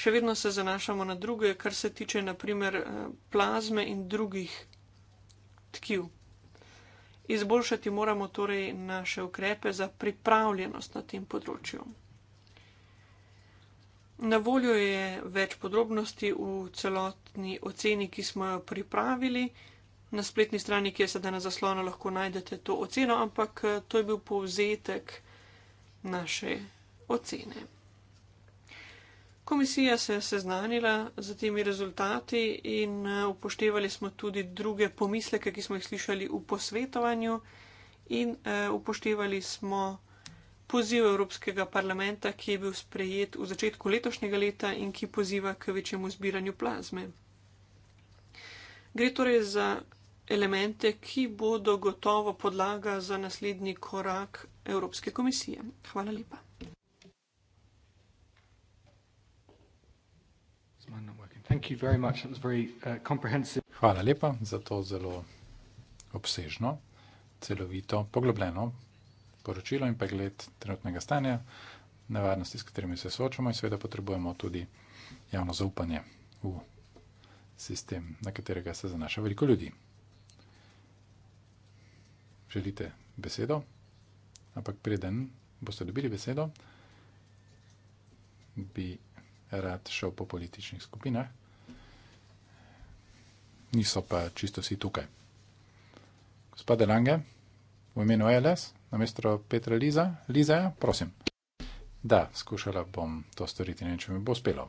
Še vedno se zanašamo na druge, kar se tiče naprimer eh, plazme in drugih tkiv. Izboljšati moramo torej naše ukrepe za pripravljenost na tem področju. Na voljo je več podrobnosti v celotni oceni, ki smo jo pripravili na spletni strani, ki je sedaj na zaslonu, lahko najdete to oceno, ampak eh, to je bil povzetek naše ocene. Komisija se je seznanila z temi rezultati in eh, upoštevali smo tudi druge pomisleke, ki smo jih slišali v posvetovanju in eh, upoštevali smo poziv Evropskega parlamenta, ki je bil sprejet v začetku letošnjega leta in ki poziva k večjemu zbiranju plazme. Gre torej za elemente, ki bodo gotovo podlaga za naslednji korak Evropske komisije. Hvala lepa. Uh, Hvala lepa za to zelo obsežno, celovito, poglobljeno poročilo in pregled trenutnega stanja, nevarnosti, s katerimi se soočamo in seveda potrebujemo tudi javno zaupanje v sistem, na katerega se zanaša veliko ljudi želite besedo, ampak preden boste dobili besedo, bi rad šel po političnih skupinah. Niso pa čisto vsi tukaj. Gospod Lange, v imenu ALS, na mestro Petra Liza, Liza, prosim. Da, skušala bom to storiti, ne vem, če mi bo uspelo.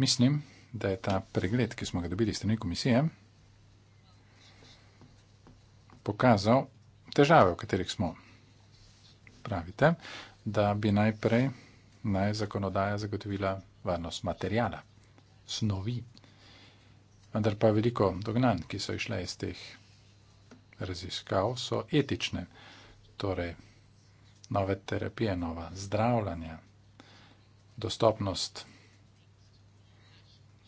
Mislim, da je ta pregled, ki smo ga dobili strani komisije, pokazal, težave, v katerih smo. Pravite, da bi najprej naj zakonodaja zagotovila varnost materijala, snovi, vendar pa veliko dognanj, ki so išle iz teh raziskav, so etične, torej nove terapije, nova zdravljanja, dostopnost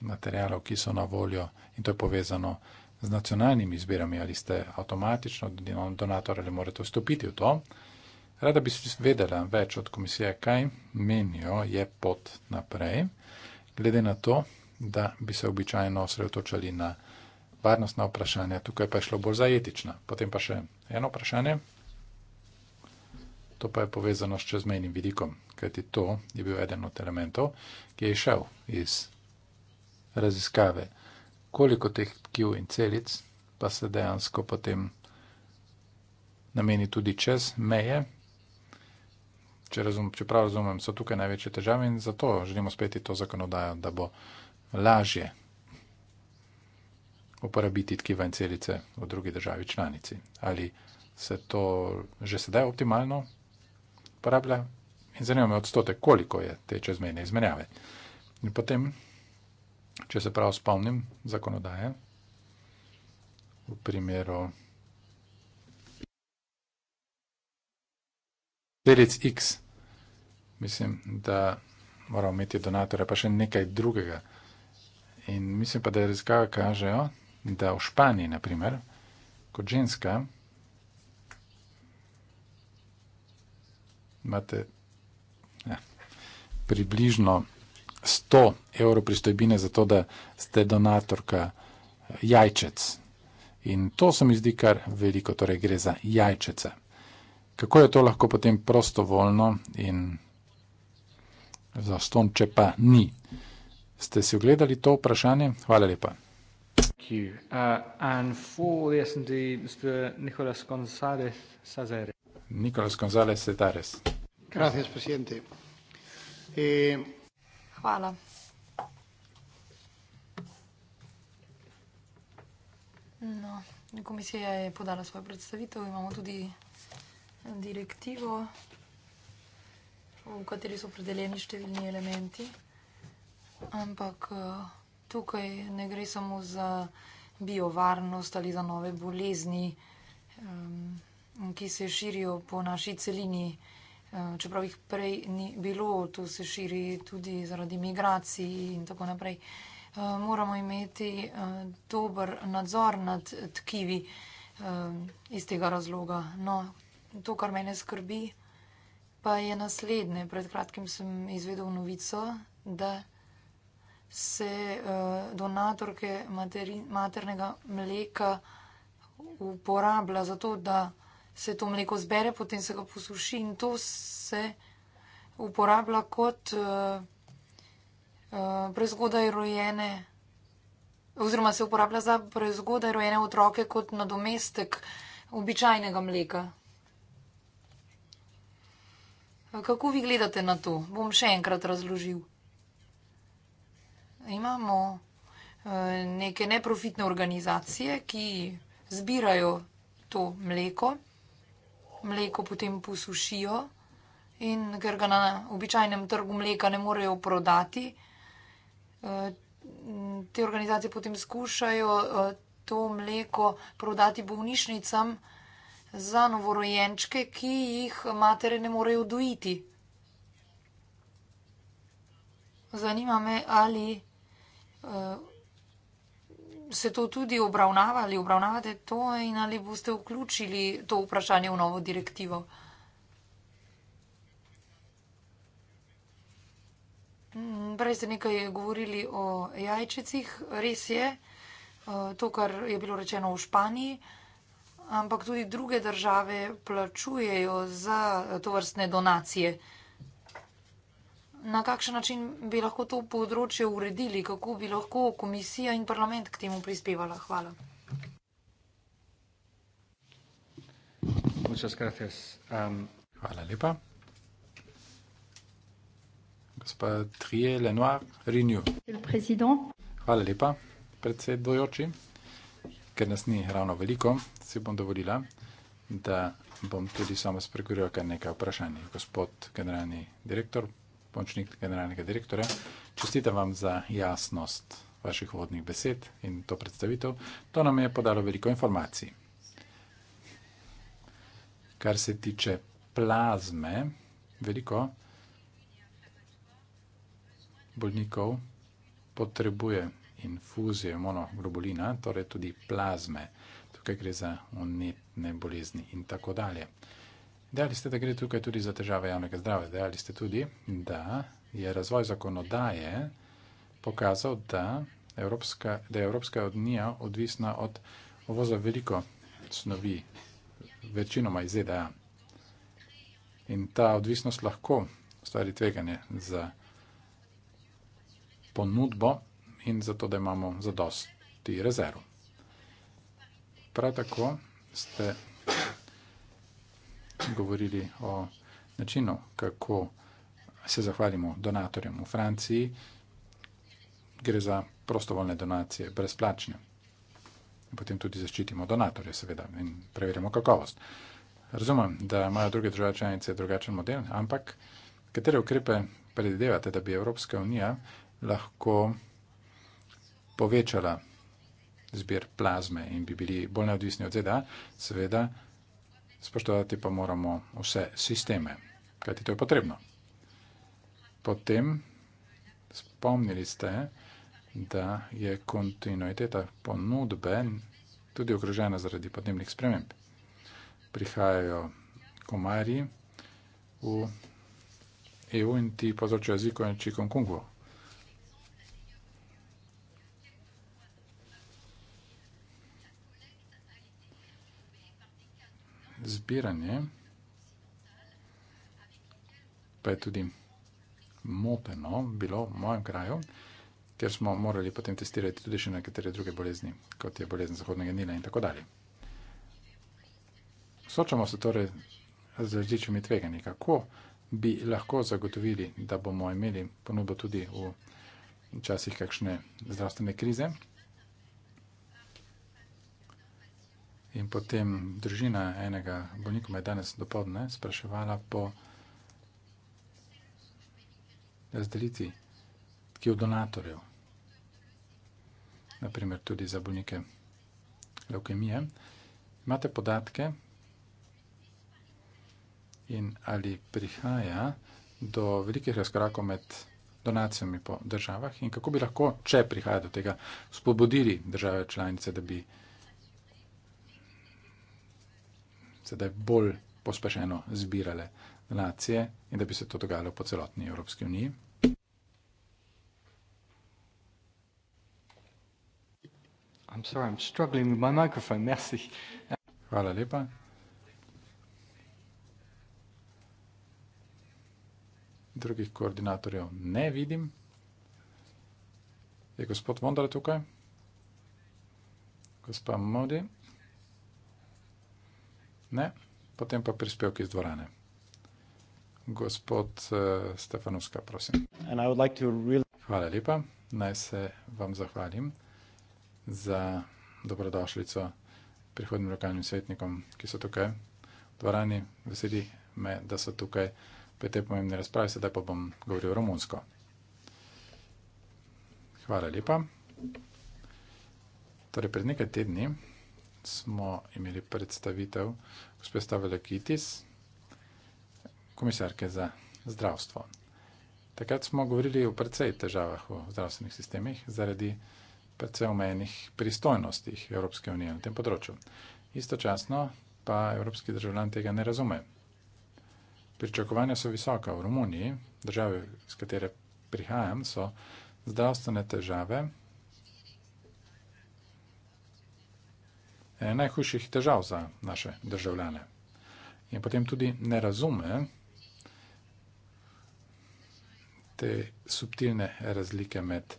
materijalov, ki so na voljo in to je povezano s z nacionalnimi izbirami, ali ste avtomatično donator ali morate vstopiti v to. Rada bi vedela več od komisije, kaj menijo je pot naprej, glede na to, da bi se običajno osredotočali na varnostna vprašanja, tukaj pa je šlo bolj za etična. Potem pa še eno vprašanje, to pa je povezano s čezmejnim vidikom, kajti to je bil eden od elementov, ki je išel iz raziskave koliko teh tkiv in celic pa se dejansko potem nameni tudi čez meje. Če, razum, če prav razumem, so tukaj največje težave in zato želimo spet to zakonodajo, da bo lažje uporabiti tkiva in celice v drugi državi članici. Ali se to že sedaj optimalno uporablja? In zanima me odstotek, koliko je te čezmejne izmenjave. In potem če se prav spomnim, zakonodaje v primeru Delic X. Mislim, da moramo imeti donatorja, pa še nekaj drugega. In mislim pa, da raziskave kažejo, da v Španiji, naprimer, kot ženska, imate ja, približno 100 evrov pristojbine za to, da ste donatorka jajčec. In to se mi zdi kar veliko, torej gre za jajčece. Kako je to lahko potem prostovoljno in za ston, če pa ni? Ste si ogledali to vprašanje? Hvala lepa. Nikolas Gonzales Sedares. Hvala, predsednik. Hvala. No, komisija je podala svojo predstavitev, imamo tudi direktivo, v kateri so opredeljeni številni elementi, ampak eh, tukaj ne gre samo za biovarnost ali za nove bolezni, ehm, ki se širijo po naši celini. Eh, čeprav jih prej ni bilo, to se širi tudi zaradi migracij in tako naprej. Eh, moramo imeti eh, dober nadzor nad tkivi iz tega razloga. No, to, kar mene skrbi, pa je naslednje. Pred kratkim sem izvedel novico, da se donatorke materin, maternega mleka uporablja za to, da se to mleko zbere, potem se ga posuši in to se uporablja kot uh, uh, prezgodaj rojene. Oziroma se uporablja za prezgodaj rojene otroke kot nadomestek običajnega mleka. Kako vi gledate na to? Bom še enkrat razložil. Imamo eh, neke neprofitne organizacije, ki zbirajo to mleko mleko potem posušijo in ker ga na običajnem trgu mleka ne morejo prodati, eh, te organizacije potem skušajo eh, to mleko prodati bolnišnicam za novorojenčke, ki jih matere ne morejo dojiti. Zanima me, ali. Eh, se to tudi obravnava ali obravnavate to in ali boste vključili to vprašanje v novo direktivo? Mm, prej ste nekaj govorili o jajčicih, res je eh, to, kar je bilo rečeno v Španiji, ampak tudi druge države plačujejo za to vrstne donacije na kakšen način bi lahko to področje uredili, kako bi lahko komisija in parlament k temu prispevala. Hvala. Um, Hvala lepa. Gospa Trije Lenoir, Renew. Hvala lepa, predsedujoči. Ker nas ni ravno veliko, si bom dovolila, da bom tudi sama spregovorila kar nekaj vprašanj. Gospod generalni direktor, pomočnik generalnega direktorja. Čestitam vam za jasnost vaših vodnih besed in to predstavitev. To nam je podalo veliko informacij. Kar se tiče plazme, veliko bolnikov potrebuje infuzije monoglobulina, torej tudi plazme. Tukaj gre za unetne bolezni in tako dalje. Dejali ste, da gre tukaj tudi za težave javnega zdravja. Dejali ste tudi, da je razvoj zakonodaje pokazal, da, Evropska, da je Evropska unija odvisna od uvoza veliko snovi, večinoma iz ZDA. In ta odvisnost lahko ustvari tveganje za ponudbo in za to, da imamo zadosti rezerv. Prav tako ste govorili o načinu, kako se zahvalimo donatorjem v Franciji. Gre za prostovoljne donacije, brezplačne. Potem tudi zaščitimo donatorje, seveda, in preverjamo kakovost. Razumem, da imajo druge države članice drugačen model, ampak katere ukrepe predvidevate, da bi Evropska unija lahko povečala zbir plazme in bi bili bolj neodvisni od ZDA, seveda spoštovati pa moramo vse sisteme, kajti to je potrebno. Potem spomnili ste, da je kontinuiteta ponudbe tudi ogrožena zaradi podnebnih sprememb. Prihajajo komarji v EU in ti povzročajo zikojenči konkungvo. zbiranje, pa je tudi mopeno bilo v mojem kraju, ker smo morali potem testirati tudi še nekatere druge bolezni, kot je bolezen zahodnega nila in tako dalje. Sočamo se torej z različnimi tveganji, kako bi lahko zagotovili, da bomo imeli ponudbo tudi v časih kakšne zdravstvene krize. In potem družina enega bolnika me je danes dopoledne spraševala po razdelitvi tkiv donatorjev, naprimer tudi za bolnike leukemije. Imate podatke in ali prihaja do velikih razkorakov med donacijami po državah in kako bi lahko, če prihaja do tega, spobodili države članice, da bi. sedaj bolj pospešeno zbirale nacije in da bi se to dogajalo po celotni Evropski uniji. I'm sorry, I'm struggling with my microphone. Merci. Hvala lepa. Drugih koordinatorjev ne vidim. Je gospod Vondra tukaj? Gospa Modi? Gospa Modi? Ne, potem pa prispevki iz dvorane. Gospod uh, Stefanovska, prosim. Like really... Hvala lepa. Naj se vam zahvalim za dobrodošlico prihodnim lokalnim svetnikom, ki so tukaj v dvorani. Veseli me, da so tukaj pri tej pomembni razpravi, sedaj pa bom govoril romunsko. Hvala lepa. Torej, pred nekaj tedni smo imeli predstavitev gospe Stavele Kitis, komisarke za zdravstvo. Takrat smo govorili o precej težavah v zdravstvenih sistemih zaradi precej omejenih pristojnostih Evropske unije na tem področju. Istočasno pa evropski državljan tega ne razume. Pričakovanja so visoka v Romuniji, države, z katere prihajam, so zdravstvene težave, Eh, najhujših težav za naše državljane. In potem tudi ne razume te subtilne razlike med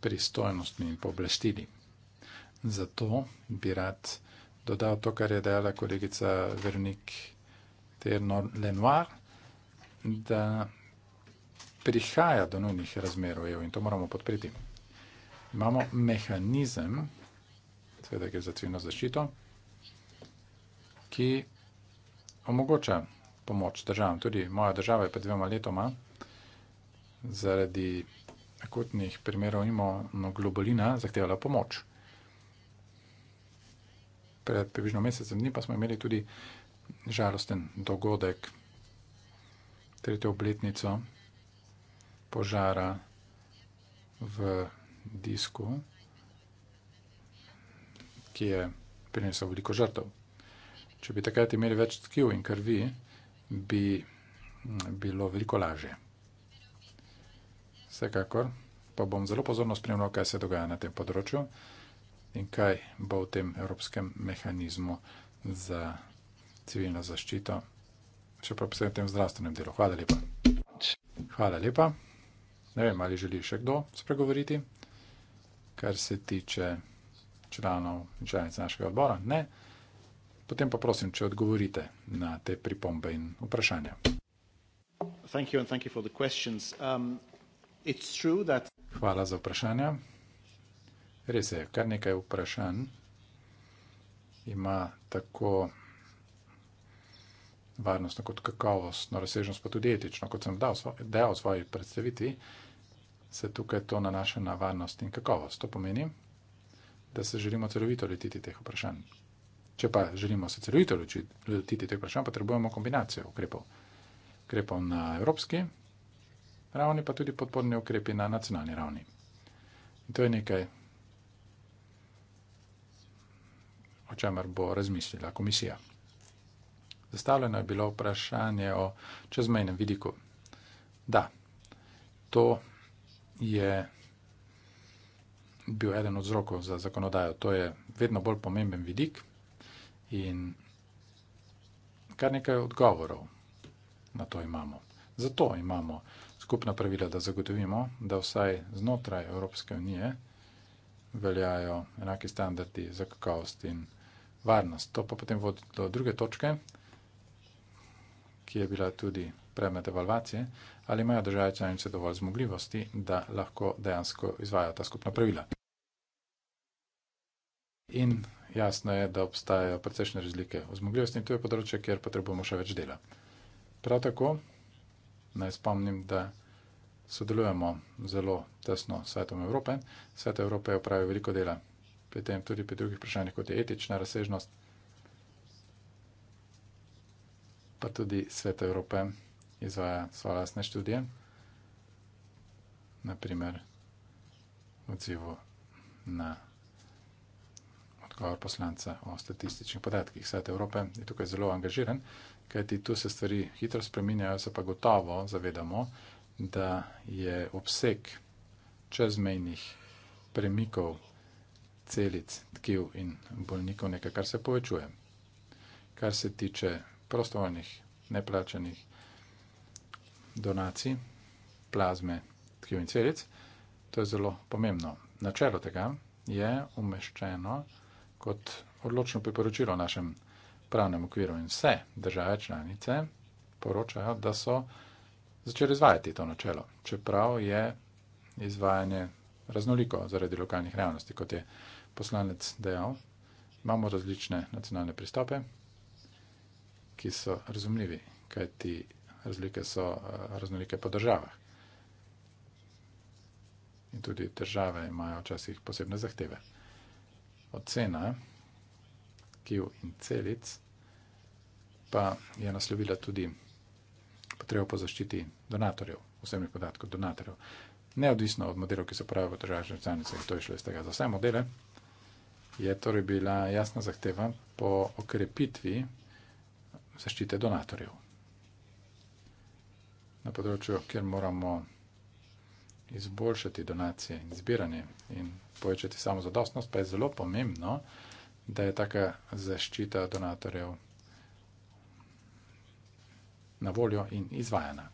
pristojnostmi in pooblastili. Zato bi rad dodal to, kar je dejala kolegica Vernik Ternor-Lenoir, da prihaja do nujnih razmerov EU in to moramo podpreti. Imamo mehanizem, seveda gre za civilno zaščito, ki omogoča pomoč državam. Tudi moja država je pred dvema letoma zaradi akutnih primerov imuno globolina zahtevala pomoč. Pred približno mesecem dni pa smo imeli tudi žalosten dogodek, tretjo obletnico požara v disku ki je prinesel veliko žrtev. Če bi takrat imeli več tkiv in krvi, bi mm, bilo veliko lažje. Vsekakor pa bom zelo pozorno spremljal, kaj se dogaja na tem področju in kaj bo v tem evropskem mehanizmu za civilno zaščito, še pa posebej v tem zdravstvenem delu. Hvala lepa. Hvala lepa. Ne vem, ali želi še kdo spregovoriti, kar se tiče članov in članic našega odbora, ne, potem pa prosim, če odgovorite na te pripombe in vprašanja. Um, Hvala za vprašanja. Res je, kar nekaj vprašanj ima tako varnostno kot kakovostno razsežnost, pa tudi etično, kot sem dejal v svoji predstavitvi, se tukaj to nanaša na varnost in kakovost. To pomeni, da se želimo celovito lotiti teh vprašanj. Če pa želimo se celovito lotiti teh vprašanj, potrebujemo kombinacijo ukrepov. Ukrepov na evropski ravni, pa tudi podporni ukrepi na nacionalni ravni. In to je nekaj, o čemer bo razmislila komisija. Zastavljeno je bilo vprašanje o čezmejnem vidiku. Da, to je bil eden od vzrokov za zakonodajo. To je vedno bolj pomemben vidik in kar nekaj odgovorov na to imamo. Zato imamo skupna pravila, da zagotovimo, da vsaj znotraj Evropske unije veljajo enaki standardi za kakovost in varnost. To pa potem vodi do druge točke, ki je bila tudi predmet evalvacije, ali imajo države članice dovolj zmogljivosti, da lahko dejansko izvajo ta skupna pravila. In jasno je, da obstajajo precejšnje razlike v zmogljivosti in to je področje, kjer potrebujemo še več dela. Prav tako naj spomnim, da sodelujemo zelo tesno s Svetom Evrope. Svet Evrope je opravil veliko dela, pri tem tudi pri drugih vprašanjih, kot je etična razsežnost, pa tudi Svet Evrope izvaja svoje vlastne študije, naprimer v odzivu na odgovor poslanca o statističnih podatkih. Svet Evrope je tukaj zelo angažiran, kajti tu se stvari hitro spreminjajo, se pa gotovo zavedamo, da je obseg čezmejnih premikov celic, tkiv in bolnikov nekaj, kar se povečuje. Kar se tiče prostovoljnih, neplačanih donacij plazme, tkiv in celic. To je zelo pomembno. Načelo tega je umeščeno kot odločno priporočilo našem pravnem okviru in vse države članice poročajo, da so začeli izvajati to načelo. Čeprav je izvajanje raznoliko zaradi lokalnih realnosti, kot je poslanec dejal, imamo različne nacionalne pristope, ki so razumljivi, kajti razlike so eh, raznolike po državah. In tudi države imajo včasih posebne zahteve. Ocena kiv in celic pa je naslovila tudi potrebo po zaščiti donatorjev, osebnih podatkov donatorjev. Neodvisno od modelov, ki se uporabljajo v državah članicah, to je šlo iz tega za vse modele, je torej bila jasna zahteva po okrepitvi zaščite donatorjev na področju, kjer moramo izboljšati donacije in zbiranje in povečati samo zadostnost, pa je zelo pomembno, da je taka zaščita donatorjev na voljo in izvajana.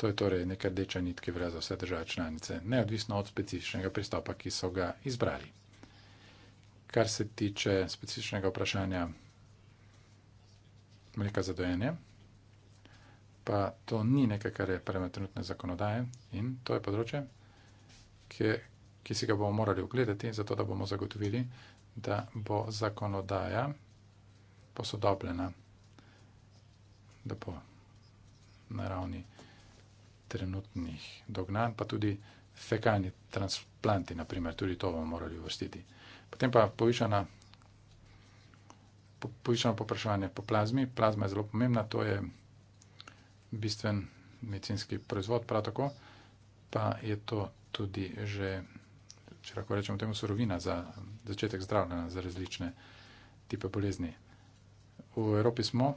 To je torej neka deča nit, ki vreza vse države članice, neodvisno od specifičnega pristopa, ki so ga izbrali. Kar se tiče specifičnega vprašanja mleka za dojenje pa to ni nekaj, kar je predmet trenutne zakonodaje in to je področje, ki, ki si ga bomo morali ogledati, zato da bomo zagotovili, da bo zakonodaja posodobljena, da bo na ravni trenutnih dognanj, pa tudi fekalni transplanti, naprimer, tudi to bomo morali uvrstiti. Potem pa povišana. Povišano popraševanje po plazmi. Plazma je zelo pomembna, to je bistven medicinski proizvod, prav tako pa je to tudi že, če lahko rečemo temu, surovina za začetek zdravljena za različne type bolezni. V Evropi smo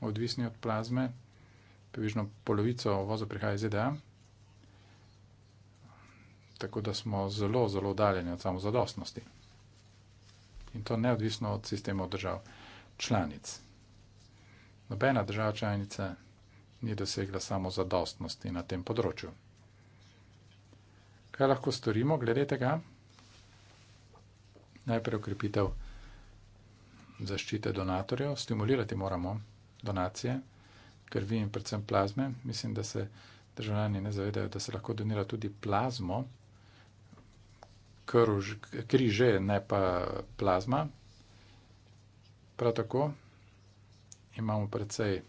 odvisni od plazme, približno polovico voza prihaja iz ZDA, tako da smo zelo, zelo oddaljeni od samozadostnosti. In to neodvisno od sistemov držav članic. Nobena država članica ni dosegla samo zadostnosti na tem področju. Kaj lahko storimo glede tega? Najprej okrepitev zaščite donatorjev, stimulirati moramo donacije, krvi in predvsem plazme. Mislim, da se državljani ne zavedajo, da se lahko donira tudi plazmo, kri že, ne pa plazma. Prav tako imamo predvsej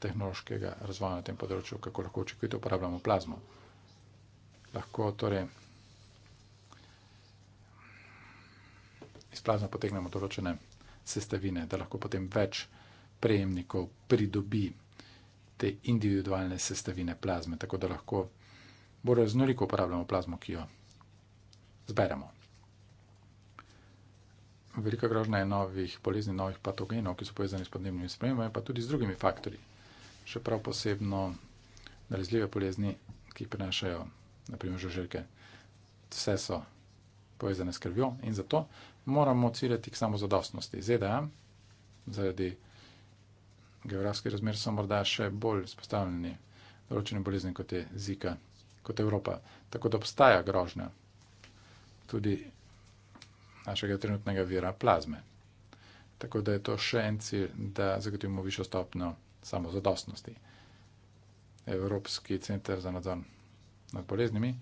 tehnološkega razvoja na tem področju, kako lahko očekujete uporabljamo plazmo. Lahko torej iz plazma potegnemo določene sestavine, da lahko potem več prejemnikov pridobi te individualne sestavine plazme, tako da lahko bolj raznoliko uporabljamo plazmo, ki jo zberemo. Velika grožnja je novih bolezni, novih patogenov, ki so povezani s podnebnimi spremembami, pa tudi z drugimi faktorji še prav posebno nalezljive bolezni, ki prenašajo, naprimer, žuželke. Vse so povezane s krvjo in zato moramo ciljati k samozadostnosti. ZDA, zaradi geografskih razmer, so morda še bolj spostavljeni določene bolezni, kot je Zika, kot Evropa. Tako da obstaja grožnja tudi našega trenutnega vira plazme. Tako da je to še en cilj, da zagotovimo višjo stopno samozadostnosti. Evropski center za nadzor nad boleznimi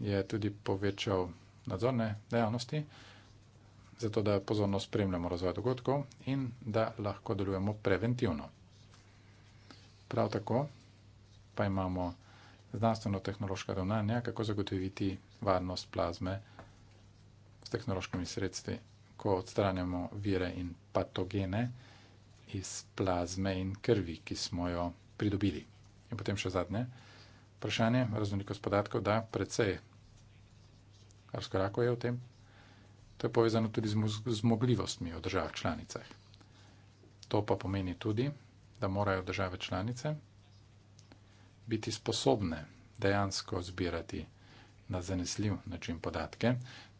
je tudi povečal nadzorne dejavnosti, zato da pozorno spremljamo razvoj dogodkov in da lahko delujemo preventivno. Prav tako pa imamo znanstveno-tehnološka ravnanja, kako zagotoviti varnost plazme s tehnološkimi sredstvi, ko odstranjamo vire in patogene, iz plazme in krvi, ki smo jo pridobili. In potem še zadnje vprašanje, raznolikost podatkov, da precej razkorakuje v tem. To je povezano tudi z zmogljivostmi v državah članicah. To pa pomeni tudi, da morajo države članice biti sposobne dejansko zbirati na zanesljiv način podatke,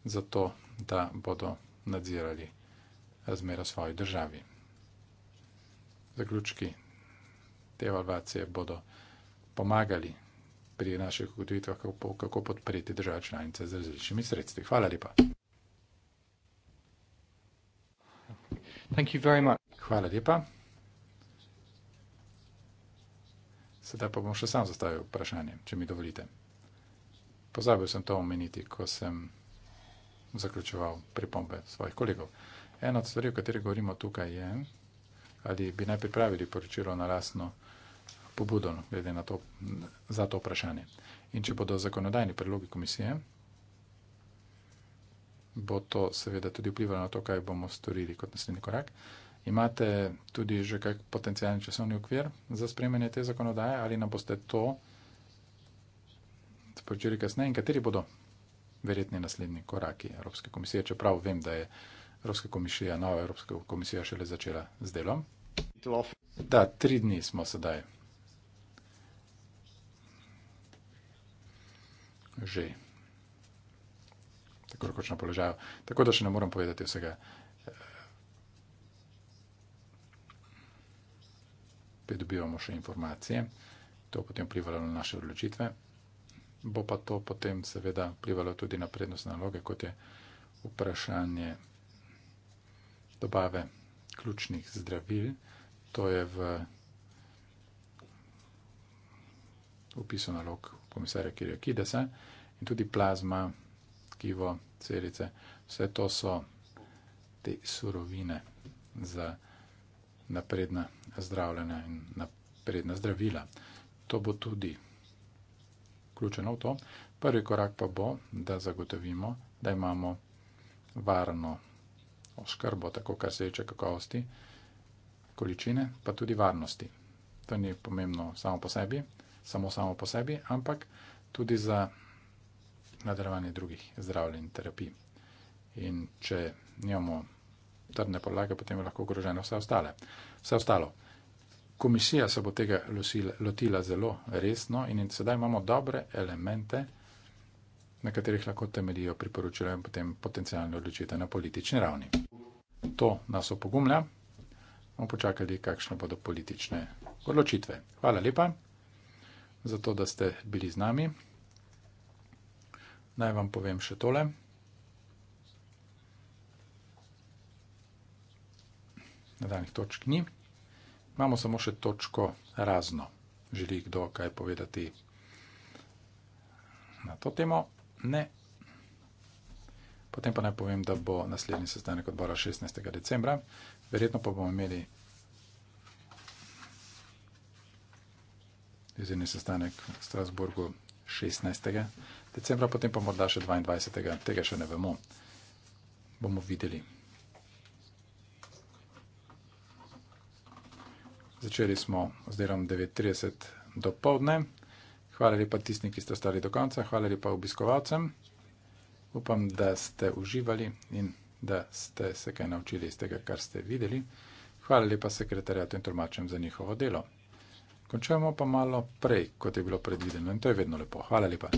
zato da bodo nadzirali razmera svoji državi zaključki te evalvacije bodo pomagali pri naših ugotovitvah, kako, kako podpreti države članice z različnimi sredstvi. Hvala lepa. Thank you very much. Hvala lepa. Sedaj pa bom še sam zastavil vprašanje, če mi dovolite. Pozabil sem to omeniti, ko sem zaključeval pripombe svojih kolegov. Ena od stvari, o kateri govorimo tukaj, je, ali bi naj pripravili poročilo na lasno pobudo, no, glede na to, za to vprašanje. In če bodo zakonodajni predlogi komisije, bo to seveda tudi vplivalo na to, kaj bomo storili kot naslednji korak. Imate tudi že kak potencijalni časovni okvir za spremenje te zakonodaje ali nam boste to sporočili kasneje in kateri bodo verjetni naslednji koraki Evropske komisije, čeprav vem, da je. Evropska komisija, nova Evropska komisija, šele začela z delom. Da, tri dni smo sedaj. Že. Tako kot na položaju. Tako da še ne moram povedati vsega. 5 dobivamo še informacije, to potem vplivalo na naše odločitve. Bo pa to potem seveda vplivalo tudi na prednostne naloge, kot je vprašanje dobave ključnih zdravil. To je v opisu nalog komisarja Kirja Kidesa in tudi plazma, kivo, celice. Vse to so te surovine za napredna zdravljena in napredna zdravila. To bo tudi vključeno v to. Prvi korak pa bo, da zagotovimo, da imamo varno zdravljeno oskrbo, tako kar se reče kakovosti, količine, pa tudi varnosti. To ni pomembno samo po sebi, samo samo po sebi, ampak tudi za nadaljevanje drugih zdravljenj in terapij. In če nimamo trdne podlage, potem je lahko ogroženo vse ostale. Vse ostalo. Komisija se bo tega lotila zelo resno in sedaj imamo dobre elemente, na katerih lahko temeljijo priporočila in potem potencijalno odločitev na politični ravni. To nas opogumlja. Bomo počakali, kakšne bodo politične odločitve. Hvala lepa za to, da ste bili z nami. Naj vam povem še tole. Na danih točk ni. Imamo samo še točko razno. Želi kdo kaj povedati na to temo? Ne. Potem pa naj povem, da bo naslednji sestanek odbora 16. decembra. Verjetno pa bomo imeli izredni sestanek v Strasburgu 16. decembra, potem pa morda še 22. tega še ne vemo. Bomo videli. Začeli smo z delom 9.30 do povdne. Hvala lepa tistim, ki ste ostali do konca. Hvala lepa obiskovalcem. Upam, da ste uživali in da ste se kaj naučili iz tega, kar ste videli. Hvala lepa sekretarjatu in tolmačem za njihovo delo. Končujemo pa malo prej, kot je bilo predvideno in to je vedno lepo. Hvala lepa.